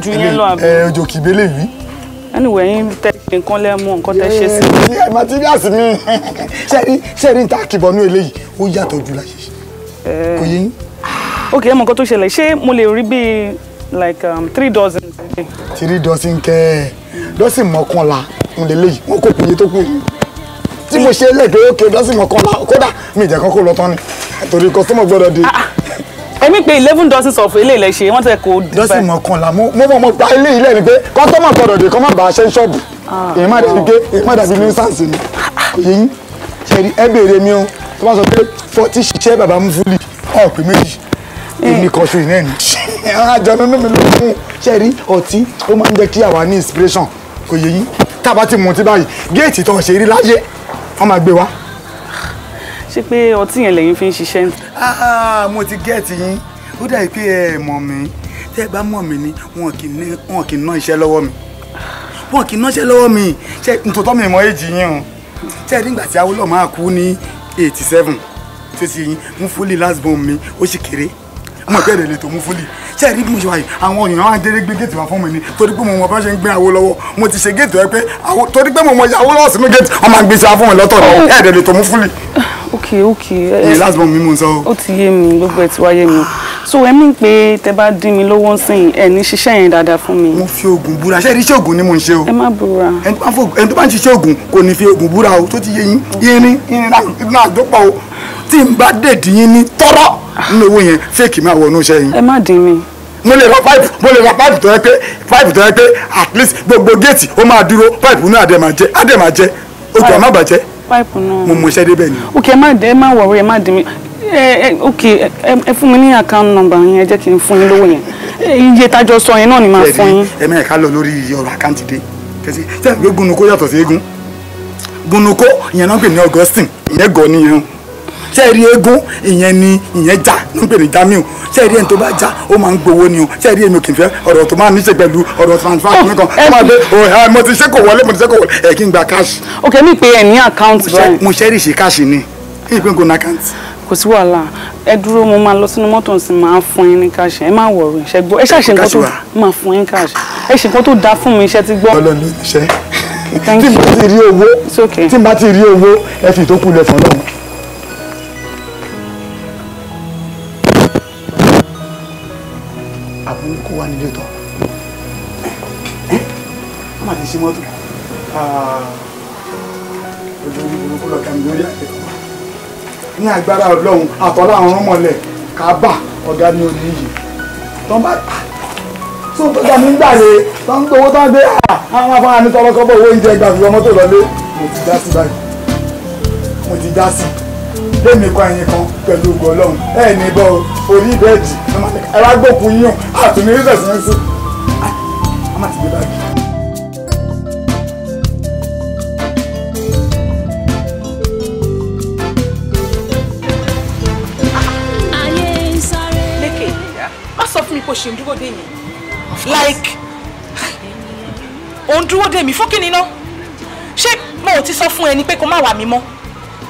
I: ju yẹn lọ àbí. ẹ ojo kìbé lè yí. ẹnìwẹ̀ yín tẹ nǹkan lẹ́mú nǹkan tẹ ṣe sí. ẹ
C: materials mi ṣẹ́rí ṣẹ́rí ń ta kìbọnú eléyìí ó yàtọ̀ jù láyé. kò yé
I: yín. ẹ like um, three dozen.
C: three dozen kẹ́ẹ̀ dọ́sì mọ́kànlá ńlẹ́lẹ́yìí wọn kò kúnye tó kú yìí tí mo ṣe lẹ́ẹ̀kẹ́ ókè dọ́sì mọ́kànlá kódà mi ìjẹ́ kan kó lọ tán ni torí kọ́sítọ́mọ̀ gbọ́dọ̀ di.
I: èmi ah, ah. pé eleven doses of ilé ilẹ̀ ṣe wọ́n tẹ̀ kó. dọ́sì mọ́kànlá mo
C: mọ̀ mọ̀ gba ilé ilẹ̀ ni pé kọ́sítọ́mọ̀ gbọ́dọ̀ di kọ́ má bàa ṣe ń ṣọ́ọ̀bù
I: èyí ah. má dàbí gé èyí má dàbí nuisance ni
C: yìí ṣẹ̀rí ẹ béèrè mi o tó bá sọ pé forty ṣiṣẹ́ bàbá mú fúlì ọ̀pẹ méjì èmi kọ́ ṣe ìnáà ẹ̀rọ àjọ̀nú mi ló ní ṣe rí ọtí ó máa ń jẹ́ kí àwa ní inspiration kò yẹ yín tá a bá ti mú ọtí báyìí géètì tó ń ṣe rí láyé wọ́n máa gbé wa.
I: ṣé pé ọtí yẹn lẹ́yìn fi ń ṣiṣẹ́.
C: mo ti gẹ́ẹ̀tì yín ó dàbí pé ẹ mọ̀ mí tẹ́ ẹ bá mọ̀ mí ni wọn kì í ná iṣẹ́ lọ́wọ́ mi wọn kì í náṣẹ́ lọ́wọ́ mi ṣe ntòtọ́ mi mọ èjì yín o ṣe nígbà tí Awólọ́wọ̀ máa kú ní eighty seven tó ti yín mú fúlì last born mi ó sì kéré mo ìpẹ́ rẹ̀ lè tó mú fúlì ṣe rí bí mo ṣe wáyé àwọn èèyàn á déré gbé géètì wá fún mi ni torí pé mo mọ bá ṣe ń gbé àwo lọ́wọ́ mo ti ṣe géètì rẹ pé torí pé mo mọ ìyàwó lọ́wọ́ sínú géètì wọ́n máa ń gbé sí wa fún mi lọ́tọ̀ ni ẹ̀ẹ́dẹ̀ lè tó mú fúlì.
I: ok ok ẹ ẹ last
C: born mi mo sọ.
I: ó ti yé mi gbogbo ẹ ti wá yé mi so ẹ mí pé tẹ bá dín mi lọ́wọ́ sìn ẹ ní ṣiṣẹ́ yẹn dáadáa
C: fún mi. mo fi oògùn búra ṣe iṣẹ́ oògùn ni mo ń ṣe o. ẹ má búra. ẹni tó bá ń ṣiṣẹ́ oògùn kò ní fi oògùn búra o tó ti yé yín yín ní ní àdópọ̀ o tí n bá dèdí yín ní tọ́rọ̀ nínú owó yẹn fake máa wọnú iṣẹ́ yín. ẹ má dín mi. mo lè ra pipe mo lè ra pipe tó yẹ pé pipe tó yẹ pé at least gbogbo géètì ó máa dúró pipe náà àdèmà jẹ àdèmà jẹ ojú àmà bàjẹ́.
I: pipe
D: náà mo mọ
C: iṣẹ́ débẹ̀ ni.
I: ok ẹ má dé ẹ má wọrí ẹ má dín mi ok ẹ fún mi ní account number yẹn ẹ jẹ́ kí n fún yín lówó yẹn iye tájọ sọ yẹn náà ni màá fún yín.
C: ẹ mẹ́rin ká lọ lórí ọ̀rọ̀ àkáǹtì dé kẹsí sẹ́yìn pé gunuko yàtọ̀ sí eégún gunuko ìyẹn náà pè ní Augustine ìyẹn gọ̀ nìyẹn ṣe é rí eégún ìyẹn ni ìyẹn jà ń pè ní jamiu ṣe é rí ẹni tó bá já ó máa ń gbowó ni o ṣe é rí èmi ò ọ̀rọ̀ tó máa ní ṣe pẹ̀lú ọ̀rọ̀ transfer oh, nìkan ó máa dé ọ̀ oh, mo ti ṣe kò wọlé mo ti ṣe kò wọlé ẹ̀ kí n gba cash. ok mi pe ẹ ní àkáǹtì báyìí. mo ṣẹ́rì ṣe cash ni ìpín kò ná àkáǹtì. kò sí wàhálà
I: ẹ dúró mo máa lọ sínú mọ́tò sí máa fún yín ní cash ẹ má wọ̀rọ̀ ìṣẹ́ gbọ́ ẹ ṣàṣe nǹkan tó máa fún yín cash ẹ ṣe gbọ́. ọlọ́run ló tí n bá ti rí owó
C: tí n bá ti rí owó ẹ àbúrò ah, kó wá nílé tọ ẹ wọn máa ti ṣe mọ́tò ojú orí burúkú lọ kàmí lórí àkẹ́kọ̀ọ́ ní agbára Ọlọ́run àtọlá àwọn ọmọlẹ̀ kábà ọ̀gá ní orí yìí tọ́ bá tó tó gbà mí gbàlè tó ń gbowó tó ń gbé ah, àwọn afárá mi tọrọ kọ́bọ̀ owó ìjẹ gbà fìwọ́ mọ́tò lọlé mo ti dá sí báyìí mo ti dá sí lémi kan ẹyin kan pẹ̀lú ògùn Ọlọ́run ẹ̀ ní bọ́ orí bẹ́ẹ̀dì ẹ wá gbókun yíyàn àti ní ilé ẹ̀sìn ẹ̀sìn a máa ti gbé báyìí.
J: sọ fún mi like
F: òun dúró dé mi fún kí ni náà ṣé mo ò ti sọ fún ẹni pé kó má wà mí mọ́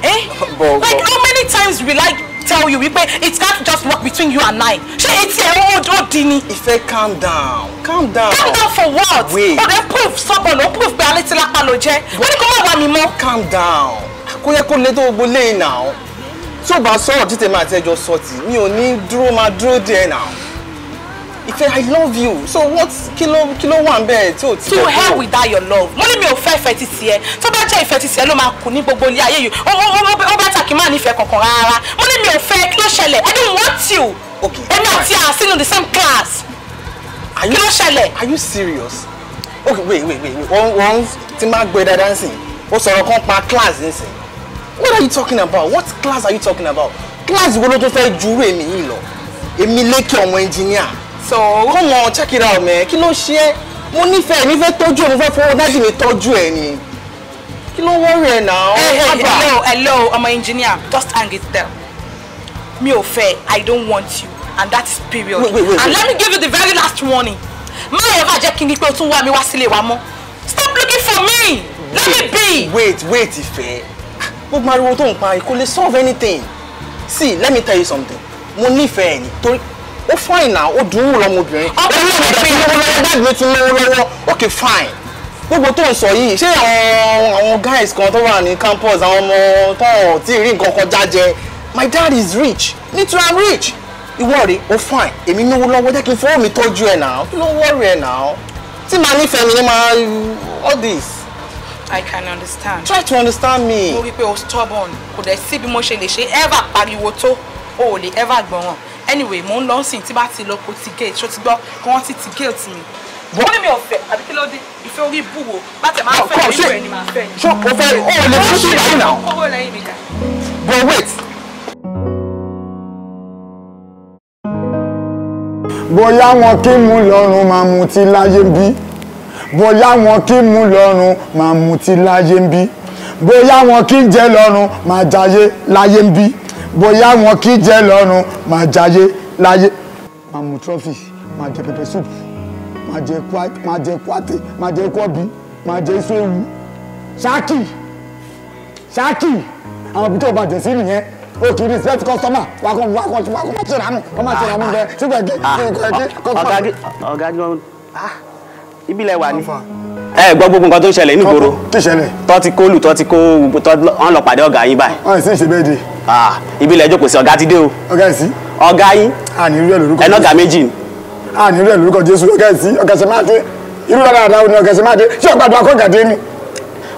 F: eh like how many times will I tell you wípé it can't just work between you and I ṣé etí ẹ̀ ó ó di ni. ìfẹ́ calm down calm
B: down. calm down for what? wait ọ̀rẹ́ proof sọ́bọ̀nù ó proof pé alẹ́ ti lápá ló jẹ́ wọ́n ní kó má wà mí mọ́. calm down kó yẹ kó lè tó gbogbo lẹ́yìn náà tí ò bá sọ̀rọ̀ títẹ̀ máa tẹ́jọ́ sọ́ọ̀tì mi ò ní dúró máa dúró díẹ̀ náà ìfẹ́ i love you so what kí kilo kí ló wà bẹ́ẹ̀ tí o ti
F: fẹ́ kó. to hell with that your love mo ní mi ò fẹ́ ìfẹ́ ti tiẹ̀ tó bá jẹ́ ìfẹ́ ti tiẹ̀ ló máa kù ní gbogbo ilé ayé yìí ó bá tàkì máa nífẹ̀ẹ́ kankan rárá mo ní mi ò fẹ́ kí ló ṣẹlẹ̀
B: i don't want you okay èmi àti her sínú the same class Are you ṣẹlẹ̀. are you serious okay wait wait wait wọ́n One, ti máa gbé dáadáa nsìn ó sọ̀rọ̀ kan pa class nsìn what are you talking about what class are you talking about class you go to fẹ́ jurú èmi yìí lọ èmi lékè engineer so come on check it out man kí ló ṣe é mo nífẹ̀ẹ́ mi fẹ́ tọ́jú ẹ̀ mo fẹ́ fọwọ́ dájú mi tọ́jú ẹ̀ ni kí ló wọ́ọ̀rì ẹ̀ náà.
J: hello
F: hello ọmọ engineer just hang it there. Me ò
H: fẹ́ i don't want you and that is period
J: wait, wait, wait, and wait. let me give
B: you the very last warning My ever jẹ́ kí n ní pé o tún wá mi wá sílé wa mọ́ stop looking for me let me be. wait wait Ìfẹ́ gbogbo ariwo tó ń pa kò lè solve anything see let me tell you something mo nífẹ̀ẹ́ ni torí ó fine na ó dùn ún lọmọbìnrin ọkùnrin
E: náà ti náwó lọ́wọ́
B: dáàbò ti náwó lọ́wọ́ ok fine gbogbo tó ń sọ yìí ṣé àwọn àwọn guys kan tó wà ní campus àwọn ọmọ tó ọ̀ tí ì rí nǹkan kan jájẹ my dad is rich nítorí i'm rich You worry. Oh, fine èmi náwó lọ́wọ́ jẹ́ kí n fọwọ́ mi tọ́jú ẹ̀ now. kí ló wọ́ọ̀rì now. náà tí màá nífẹ̀ẹ́ mi ní all this.
F: I can understand. Try
B: to understand me. Mo rí
F: pé o stubborn. Kò dẹ̀ sí bí mo ṣe lè ṣe ever pariwo tó. O ò lè ever gbọ̀ràn. Anyway, mo ń lọ sìn tí bá ti lọ kó ti gate. Ṣo ti gbọ́? Kí wọ́n ti ti gate mi. Bọ́ Ó mi ò fẹ́ àbí kí ló dé? Ìfẹ́ orí bù wo? Bàtẹ̀ máa fẹ́ ìlú ẹ̀ ni màá fẹ́. Ṣé o fẹ́ o lè fún sí ìyàwó
H: náà?
F: But wait.
C: bóyá wọn kí mú lọ́rùn máa mutí láyé ń bí bóyá wọn kí mú lọ́rùn máa mutí láyé ń bí bóyá wọn kí jẹ lọ́rùn máa jayé láyé ń bí bóyá wọn kí jẹ lọ́rùn máa jayé láyé.
D: máa mu trọ́fì máa jẹ pẹpẹ soup máa jẹ
C: kwate máa jẹ kọ́bí máa jẹ iṣu ewu ṣáàkì ṣáàkì àwọn òbí bàjẹ́ sí nìyẹn o kì í respect customer wà á kọ́ wà á
I: kọ́ wà á kọ́ máa ṣe ránù wọ́n máa ṣe ránù bẹ́ẹ̀ síbẹ̀ kí ah, ah, ọ̀gá ni ọ̀gá ni ah,
C: ibi lẹ wà ní.
A: ẹ gbọ́ gbogbo nǹkan tó ṣẹlẹ̀ ní ìgboro tó ti kó lù tó ti kó wọn lọ pàdé ọ̀gá yín báyìí. wọn sì ń ṣe bẹ́ẹ̀ di. ibi lẹ jókòó sí ọ̀gá ti dé o. ọ̀gá ẹ̀
C: sí. ọ̀gá yín. a ní
A: irú ẹ̀ lórúkọ méjì ni.
C: a ní irú ẹ̀ lórúkọ jésù ọ̀gá ẹ̀ sí ọ̀gá ṣe máa dé irú ọ̀gá àdáwọ̀ ni ọ̀gá ṣe máa dé ṣé ọ̀gbàdo akọ́gàdé ni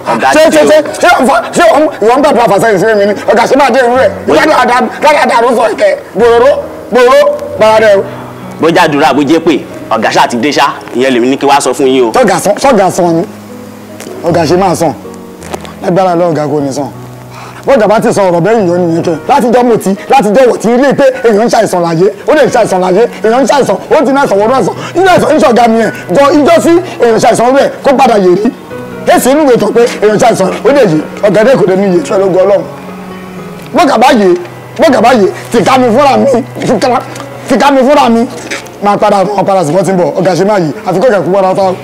C: ṣé ṣé ṣé ṣé ṣé ìwọ ń bẹ̀rẹ̀ àfàṣẹ ìṣẹ́ mi ni ọ̀gá ṣé máa dé irú rẹ̀ dáadáa ló sọ ẹ̀kẹ́
A: gbòòrò gbòòrò gbàrà rẹ̀. bójá àdúrà bójá pé ọ̀gá ṣáà ti dé ṣá ìyẹn lèmi ní kí wàá sọ fún yín o.
D: sọ́gà sàn ni ọ̀gá ṣe máa sàn lágbára
C: lọ́ọ̀gá kò ní sàn bọ́dà bá ti sọ ọ̀rọ̀ bẹ́ẹ̀ yìnyín nìyẹn kẹ́ láti jọ́ mo ti láti jọ́ wọ̀ tí ilé pé èèyàn ń ṣàìsàn láyé ó lè ṣàìsàn láyé èèyàn ń ṣàìsàn ó ti náà sọ̀wọ́rọ̀ ẹ̀sán nínú ẹ̀sán ń ṣọ̀gá mi ẹ̀ gan ijọ́ sí èèyàn ṣàìsàn rẹ̀ kó padà yèrí èsì inú ìwé tó pé èèyàn ṣáà sọ̀rọ̀ ó dè yìí ọ̀gẹ̀dẹ̀ kò dé ní iye fẹ́ẹ́ lógún ọlọ́run bọ́gàbá yìí bọ́gàbá yìí tìka mi fúnra mi tìka mi fúnra mi máa padà máa padà sí bọ́tí ń bọ̀ ọ̀gá ṣe máa yìí àfikọ́ ọ̀gá kú padà táwọn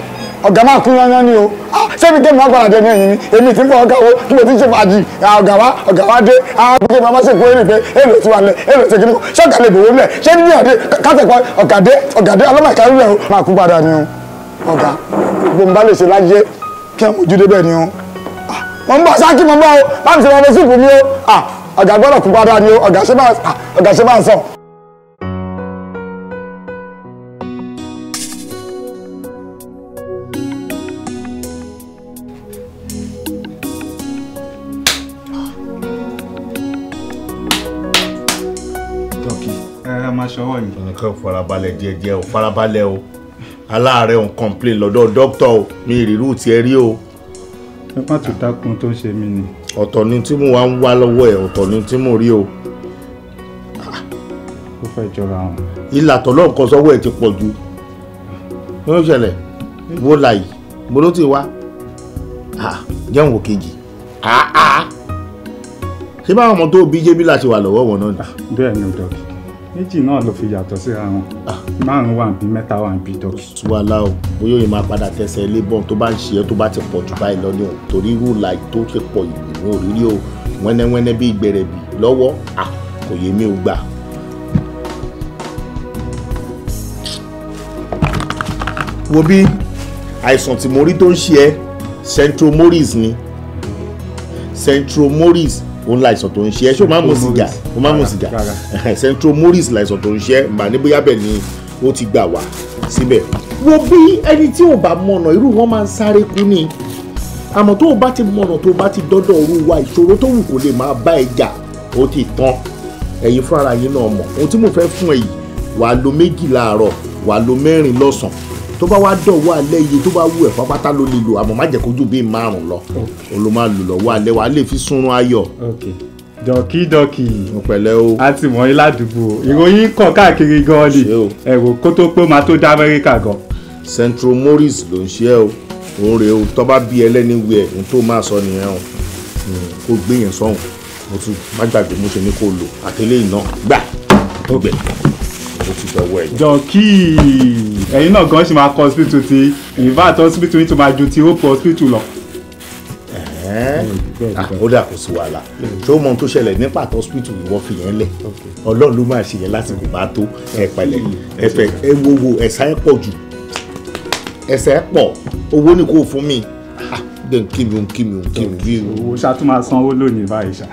C: ọ̀gá máa kú yányán ni o sẹ́mi ah, tẹ́mi máa padà dẹni ẹ̀yìn ni èmi ti ń bọ̀ ọ̀gá wo kí mo ti ṣe fàájì ah, ọ̀gá wa ọ̀gá wa dé àgbẹ̀kẹ́ ah, màmá ṣe fún èrèfé èlò tí wà lẹ̀ èlò tí kìnnìkan ṣọ́ọ̀gà lè bòwó lẹ̀ ṣé ní àdé kásẹ̀kọ́ ọ̀gá dé ọ̀gá dé alámàkàrí rẹ̀ o máa kú padà ni o ọ̀gá gbòǹbá lè ṣe láyé kí ẹ mójú débẹ̀ ni o ah, mo ń bọ̀ sáàkì mo ń bọ̀ o bá ṣe máa fẹ́ mi o ah, ọ̀gá gbọ́dọ̀ kú padà ni o ọ̀gá ṣe máa ah, ń sàn. ṣọwọ́ yìí. nǹkan farabalẹ̀ díẹ̀díẹ̀ o farabalẹ̀ o aláàárẹ̀ òun complain lọ́dọ̀ dókítà o mi ìrírú tiẹ̀ rí o. ẹ má tún dákun tó ṣe mí ni. ọ̀tọ̀ ni tí mo wá ń wá lọ́wọ́ ẹ̀ ọ̀tọ̀ ni tí mo rí o. ó fẹ́ jọra wọn. ilà tọ́lọ́ nǹkan sọ́wọ́ ẹ̀ ti pọ̀ ju. ní ó ṣẹlẹ̀ wo là yìí mo ló ti wá jẹun wò kejì ṣé báwọn ọmọ tó bí jébí láti wà lọ́wọ́ wọn náà ni. Ah, bẹ́ẹ̀ ni o dọ̀kì méjì náà ló fi yàtọ̀ síra wọn ah. márùn wà bí mẹ́ta wà bí dọ́kì. oṣù wàhálà o bóyá òye máa padà tẹsẹ̀ ilé bọ́n tó bá ń ṣe ẹ́ tó bá ti pọ̀ jù báyìí lọ ní o torí irú làì tó ṣe pọ̀ ìwọ̀n òrírí o wẹ́nẹ́wẹ́nẹ́ bí gbẹ̀rẹ̀bì lọ́wọ́ à ah, kò yé mi ò gbà. wo bí àìsàn tí mo rí tó ń ṣe ẹ́ centromoris ni centromoris ó ń láìsàn tó ń ṣe é ṣé o máa ń sìgá o máa ń sìgá central morris láìsàn tó ń ṣe é mà ní bóyá bẹ́ẹ̀ ni ó ti gbà wá síbẹ̀. wo bí ẹni tí ò bá mọ̀nà irú wọn máa ń sáré kú ni àmọ́ tó o bá ti mọ̀nà tó o bá ti dọ́dọ̀ orú wa ìṣòro tó wù kó lè máa bá ẹ jà ó ti tán ẹ̀yin fúnra yín náà mọ̀ ohun tí mo fẹ́ fún ẹ yìí wàá lo méjì láàárọ̀ wàá lo mẹ́rin lọ́sàn-án tó bá wá dọ̀wọ́ alẹ́ yìí tó bá wù ẹ̀ pápátá ló lè lò àmọ́ má jẹ́ kójú bíi márùn lọ òun ló máa lò lọ́wọ́ alẹ́ wa lè fi sunrun ayọ̀. dọ̀kídọ̀kì pẹ̀lẹ́ o ládùúgbò ìròyìn kàn káàkiri gan ni ẹ̀rọ kó tó pé máa tó dá amẹ́ríkà gan. Central Maurice ló ń ṣe é o òun rèé o tó bá bí ẹlẹ́ni wẹ̀ ohun tó máa sọ nìyẹn o hmm. kó gbé yẹn sọ́hùn mo tún má gbàgbé mo ṣe ní kó lò àtẹlẹ́yìn náà gbà
A: tó gbẹ ó ti dọwọ́ ẹ̀.
C: jọ̀kì ẹ̀yin náà gan ṣe máa kọ hospital ti invert hospital yìí tó máa ju ti hope hospital lọ. Ah, ó dà kó sí wàhálà tó mọ ohun tó ṣẹlẹ̀ ní pàtó hospital ìwọ fi yẹn lẹ̀ ọlọ́run ló máa ṣe yẹn lásìkò bá tó ẹ pẹ̀lẹ́ mm. ẹ fẹ́ ẹ wo wo ẹ̀sà ẹ̀ pọ̀ jù ẹ̀sà ẹ̀ pọ̀ owó ni kò fún mi ah, dẹ̀ ń kí mi ń kí mi ń kí mi. owó ṣàtúmọ̀ sanwó lónìí báyìí ṣá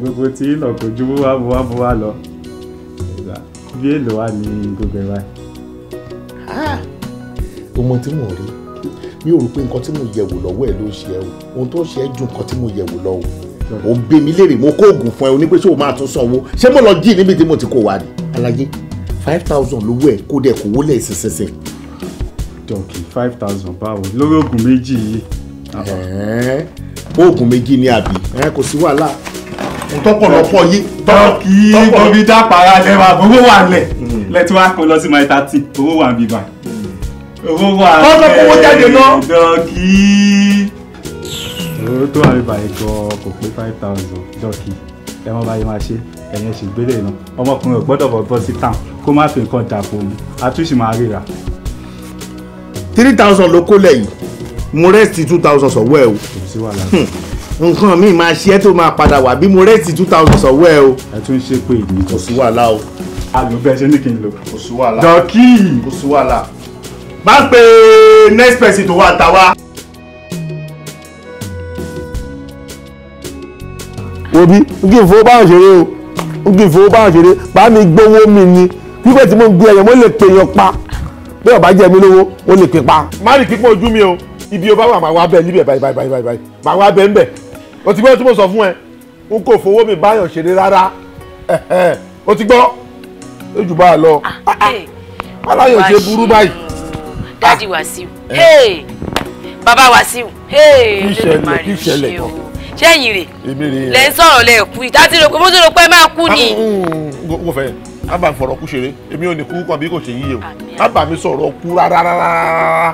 C: gbogbo tí ìlọ̀kọ̀ ju wábúwábúwá lọ bí èlò wà ní gbogbo ẹ̀wà. Ah! ọmọ tí mo rí mi ò rò pé nǹkan tí mo yẹ̀wò lọ́wọ́ ẹ̀ ló ṣe ẹ́ o ohun tó ṣe é ju nǹkan tí mo yẹ̀wò lọ o ò gbé mi léèrè mo kó oògùn fún ẹ onígbé ṣé o máa tún sanwó ṣé mo lọ jí níbi tí mo ti kó wa ni. aláyé five thousand lówó ẹ kó dẹ kó wọlé ẹ ṣinṣinṣin. dọ̀kì five thousand báwo lórí oògùn méjì yìí. oògùn méjì ni àbí kò sí wàhálà tọpọlọpọ yé tọkì tóbi dápara lẹwà owó wà lẹ lẹtí wàá kó lọ sí my thirty owó wà bíbá
B: owó wà lẹ tọkì owó jáde lọ
C: dọkì. owó tó wà bíbá yìí gan kò pé five thousand dọkì ẹ wọn báyìí máa ṣe ẹ̀yìn ẹ̀sìn gbélé náà ọmọkùnrin ò gbọ́dọ̀ bọ̀ bọ́ sí town kó má fi nǹkan dà fún un àtúnṣe máa ríra. three thousand ló kó lẹ́yìn mo rest two thousand sọ̀wọ́ ẹ̀ o. kò sí wàhálà nǹkan mi máa ṣe é tó máa padà wá bí mo rẹ́ẹ̀tì two thousand sọ̀wọ́ ẹ o. ẹ tún ṣe pé ìdí kò sí wàhálà o. àlọ́ bẹ́ẹ̀ ṣe ní kí n lò. kò sí wàhálà. dọ́kì. kò sí wàhálà. bá ń pe next person tó wà táwa. òbí kí n fowó báwọn ṣeré o kí n fowó báwọn ṣeré bá mi gbowó mi ni wípé tí mo gbé ẹyàn mo lè pèèyàn pa bí ọba jẹ mi lówó ó lè pè pa. má rí pípọ̀ ojú mi o ibi o bá wà máa wá bẹ́ẹ̀ níbẹ̀ báyìí báyìí báyìí máa wá bẹ́ẹ̀ ń bẹ̀ o ti gbọ́ tí mo sọ fún ẹ n kò fowó mi báyọ̀ ṣeré rárá o ti gbọ́ lójú bá a lọ aláyọ̀ ah, ah, ah. ṣe burú báyìí.
J: dáàdi Wàsíù eh. bàbá Wàsíù olódùmarè ṣe o ṣẹ́yìn
C: rè lẹ́ ń sọ̀rọ̀ lẹ́ kú ìta tí ro kó mo tó ro pé máa kú ni. n kò mm, mm, mm. fẹ́ a bá fọ̀rọ̀ kú ṣeré èmi ò ní kú kan bí kò ṣe yíyẹ o a bá mi sọ̀rọ̀ kú rárá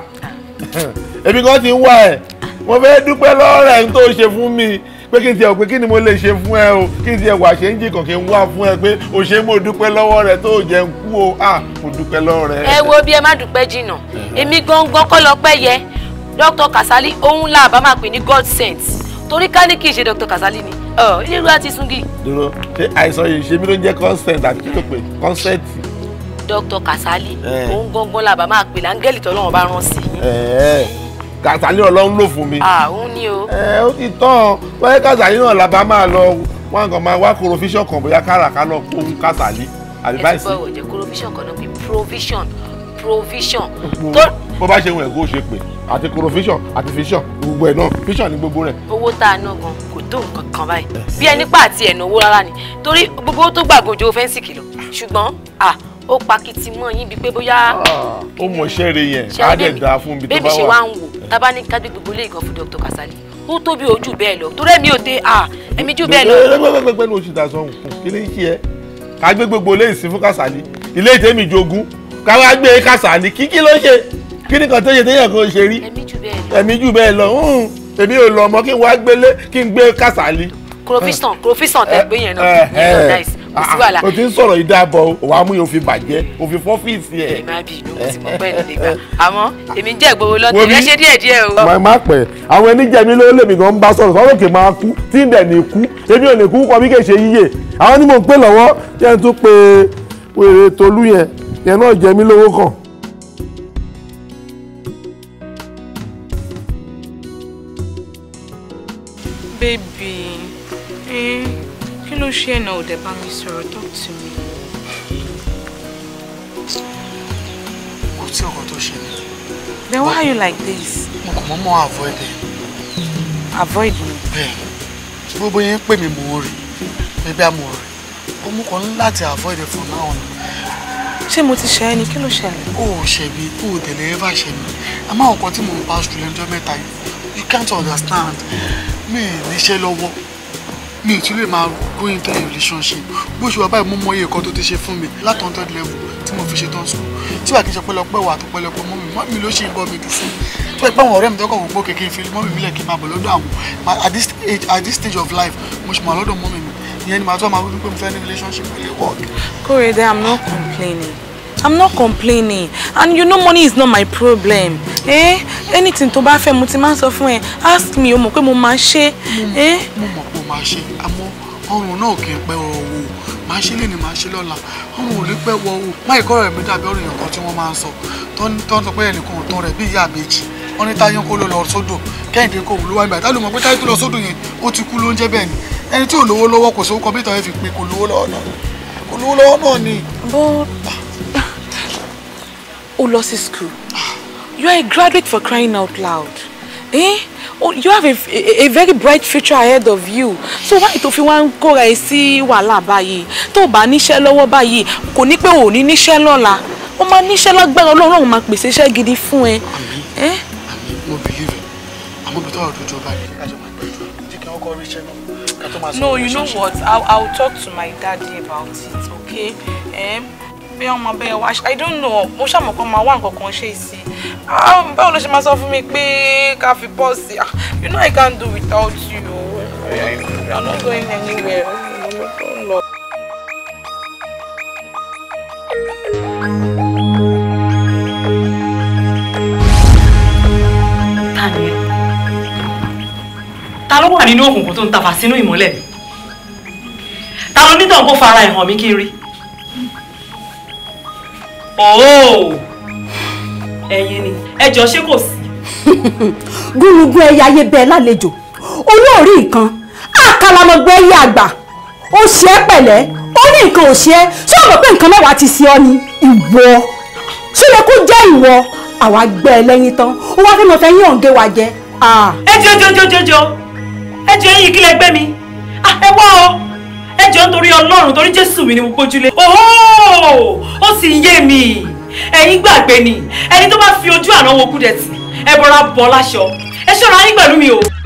C: èmi kan ti ń wá ẹ̀ mo fẹ́ dúpẹ́ lọ́rọ̀ ẹ̀ tó ṣe fún mi pé kí n tiẹ̀ pé kí ni mo lè ṣe fún ẹ o kí n tiẹ̀ wà ṣe ń jì kí n wá fún ẹ pé o ṣe mo dúpẹ́ lọ́wọ́ rẹ tó jẹ́ ń kú o à mo dúpẹ́ lọ́wọ́ ẹ
J: wo bí ẹ má dúpẹ́ jìnnà èmi gangan kọ́ lọ pẹ́ yẹ Dr. Kasali òun là máa pè ní God sent torí ká ní kí n ṣe Dr. Kasali ni iléru àti sungi.
C: dúró ṣé àìsàn yìí ṣe mí ló ń jẹ́ consent àti kí ló pè consent.
J: Dr. Kasali òun gangan là máa pè láńgẹ́lì tọ́lọ́wọ́n bá rán sí
C: i kàsálí náà lọ ń lò fún mi. àhún
J: ni o. ẹ
C: ó ti tán wáyé kàsálí náà làbá máa lọ wọn kàn máa wá kóró fíṣàn kan bóyá káràká náà kó ń kàsálí àbí báyìí sí. ẹ ti bọ̀
J: ọ̀jẹ̀ kóró fíṣàn kan náà bíi provision provision.
C: bó bá ṣe wọn ẹ̀kọ́ ṣe pé àti kóró fíṣàn àti fíṣàn gbogbo ẹ̀ náà fíṣàn ní gbogbo rẹ̀.
J: owó tá a ná gan kò tó nǹkan kan báyìí bí ẹni pàtì ẹ̀ náwó rárá ni torí gbogbo tó gbàgbọ́n ju fẹ́ǹsì kìlọ̀ ṣùgbọ́n ó pakiti mọ́ yín bíi pé bóyá. Ah,
C: ó mọ iṣẹ́ rẹ yẹn á dẹ̀ da fún ibi tó bá wà. bébí ṣe wá ń
J: wò tábà ní ká gbé gbogbo ilé ìkan fún Dr. Kasali ó tóbi ojú bẹ́ẹ̀ lọ torí ẹ̀mí ò dé à ẹ̀mí jù bẹ́ẹ̀ lọ. gbẹgbẹgbẹgbẹ
C: ló ṣì dá sọ nǹkan kí ló ń ṣe ẹ ká gbé gbogbo ilé ìsìn fún Kasali ilé ìtẹ́mi jogún ká wá gbé Kasali kí kí ló ṣe kí nìkan tó ṣe téèyàn kan ṣe rí ẹ̀mí jù bẹ́ẹ̀ lọ èmi ò lọ ọmọ kí n wá gbélé kí n gbé Kasali.
J: crofistan crofistan tẹ gbé yẹn náà yẹn eh, náà eh, eh. nice sí ah, wàhálà. Ah, o ti ń
C: sọ̀rọ̀ ìdábọ̀ òwò amúyẹ òfin bàjẹ́
J: òfin fọ́fíìsì ẹ̀. èmi àbí inú ti mọ pẹ́ nílé àmọ́ èmi ń jẹ́ ìgbowó lọ́tọ̀ ẹ ṣe díẹ̀ díẹ̀ o. màá
C: má pẹ́ àwọn ẹnìjẹ̀mí ló lèmi gan ń bá sọ̀rọ̀ sọ́rọ̀ máa kú tí ń dẹ̀ ní kú èmi ò lè kú kọ́ bí kè ṣe yíyè àwọn ni mo ń pè lọ́wọ́
F: baby ló ṣe now òdẹ̀ bá mi sọ̀rọ̀ talk to me. What's your ọkọ then why are you like this. mo kò
D: mọ́ mọ́ avoid ẹ̀. avoid me. bẹ́ẹ̀ gbogbo yẹn ń pè mí mò ń rí bébí àmọ́ rẹ̀ ó avoid it for now ni. ṣé mo ti
F: ṣe ẹni kí ló ṣẹlẹ̀. o ò o ò
D: tẹ̀lé ever ṣẹ̀bi àmọ́ àwọn kan tí mò ń pass through lẹ́jọ́ mẹ́ta yìí you can't understand mi ì níṣẹ́ lọ́wọ́ mi ì tí lè máa go into a relationship bó ṣe wà báyìí mo mọ iye kan tó ti ṣe fún mi láti hundred level tí mo fi ṣe tán sùn tí wàá kí n ṣe pẹ́lọpẹ́ wà tó pẹ́lọpẹ́ mọ́ mi mi ló ṣe ń bọ́ mi dùn fún tí wàá pẹ́ ọ̀rẹ́ mi tọ́kọ̀ wò pé kékeré fi mọ́ mi mílẹ̀ kí n máa bọ̀ lọ́dọ̀ àwọn at this age at this stage of life mo ṣe mọ̀ lọ́dọ̀ mọ́ mi ìyẹn ni màá tún máa wípé mo fẹ́ ní relationship pẹ̀lú
C: work.
F: Kóredé, I'm not complaining i'm not complaining and you know money is not my problem eh anything tó bá fẹ́ mo ti máa ń sọ fún ẹ ask me o mọ̀ pé mo máa ṣe. Mm. Eh?
D: mo mọ̀ pé o máa ṣe àmọ́ ọrùn náà kì í pẹ́ ọ̀rọ̀ wò máa ṣe lè ní máa ṣe lọ́la ọrùn ò ní pẹ́ wọ o má ìkọ́ rẹ̀ mi dàbí ọ̀rọ̀ èèyàn kan tí wọ́n máa ń sọ tó ń sọ pé ẹnìkan ò tán rẹ̀ bí ìyá méjì wọ́n ní táyé kó ló lọ sódò kẹ́hìndé kò wúlò wá ìgbà tá ló mọ̀ pé táyé tó lọ sódò yẹn ó ti kú ló ń jẹ́ bẹ́ẹ̀ ni ẹni tí ò lówó lọ́wọ́ kò sówó kọ́mpútà yẹn fi pé kò lówó lọ́wọ́ náà
F: kò lówó lọ́wọ́ náà ni. bó o lọ sí school you are a graduate for crying out loud eh? oh, you have a, a, a very bright future ahead of you so why if you want to go? ẹ see, wala báyìí tó o bá níṣẹ́ lọ́wọ́ báyìí kò ní pé o ò ní níṣẹ́ o ma ni lágbára ọlọ́run òun máa pèsè iṣẹ́ gidi fun ẹ. Eh? àmì mo
D: believe it àmọ́ be tọ́wọ́ dojú ọba yìí kájọ máa gbẹ̀jú jẹ́ kí no you know what i
F: I'll talk to my daddy about it okay. Um, bí ọmọ bẹ́ẹ̀ wá i don't know mo ṣàmọ̀ kan máa wá nǹkan kan ṣe sí i ah, báwo ló ṣe máa sọ fún mi pé ká fi pọ̀ sí i you know i can't do without you i'm not going anywhere.
G: ta ló wà nínú òkùnkùn tó ń tafà sínú ìmọ́lẹ̀ mi ta ló nítàn kó fara ẹ̀hàn mi kiri ẹ̀yin ni ẹ jọ ṣé kò sí.
F: gúnugún ẹyẹ ayé bẹ́ẹ̀ lálejò olóòrí nǹkan àkàlàmọgbẹ ẹyẹ àgbà ó ṣe é pẹ̀lẹ́ ó ní nǹkan ò ṣe é ṣé o mọ̀ pé nǹkan mẹ́wàá ti ṣe ọ ni ìwọ ṣé lè kó jẹ́ ìwọ àwa gbẹ ẹ lẹ́yìn tán ó wá fẹ́ mọ fẹ́ yín òǹgé wa jẹ.
H: ẹ jọjọjọjọjọ
G: ẹ jọ ẹyin kí lẹ gbẹ mi ẹ wá o ẹ jọ nítorí ọlọ́run torí jésù mi ni mo gbójúlé ooo ó sì ń yé mi ẹ̀yin gbàgbé ni ẹni tó bá fi ojú àná wo kúdẹ̀tì ẹ bọra bọ́ láṣọ ẹ ṣọ́ra yín pẹ̀lú mi o.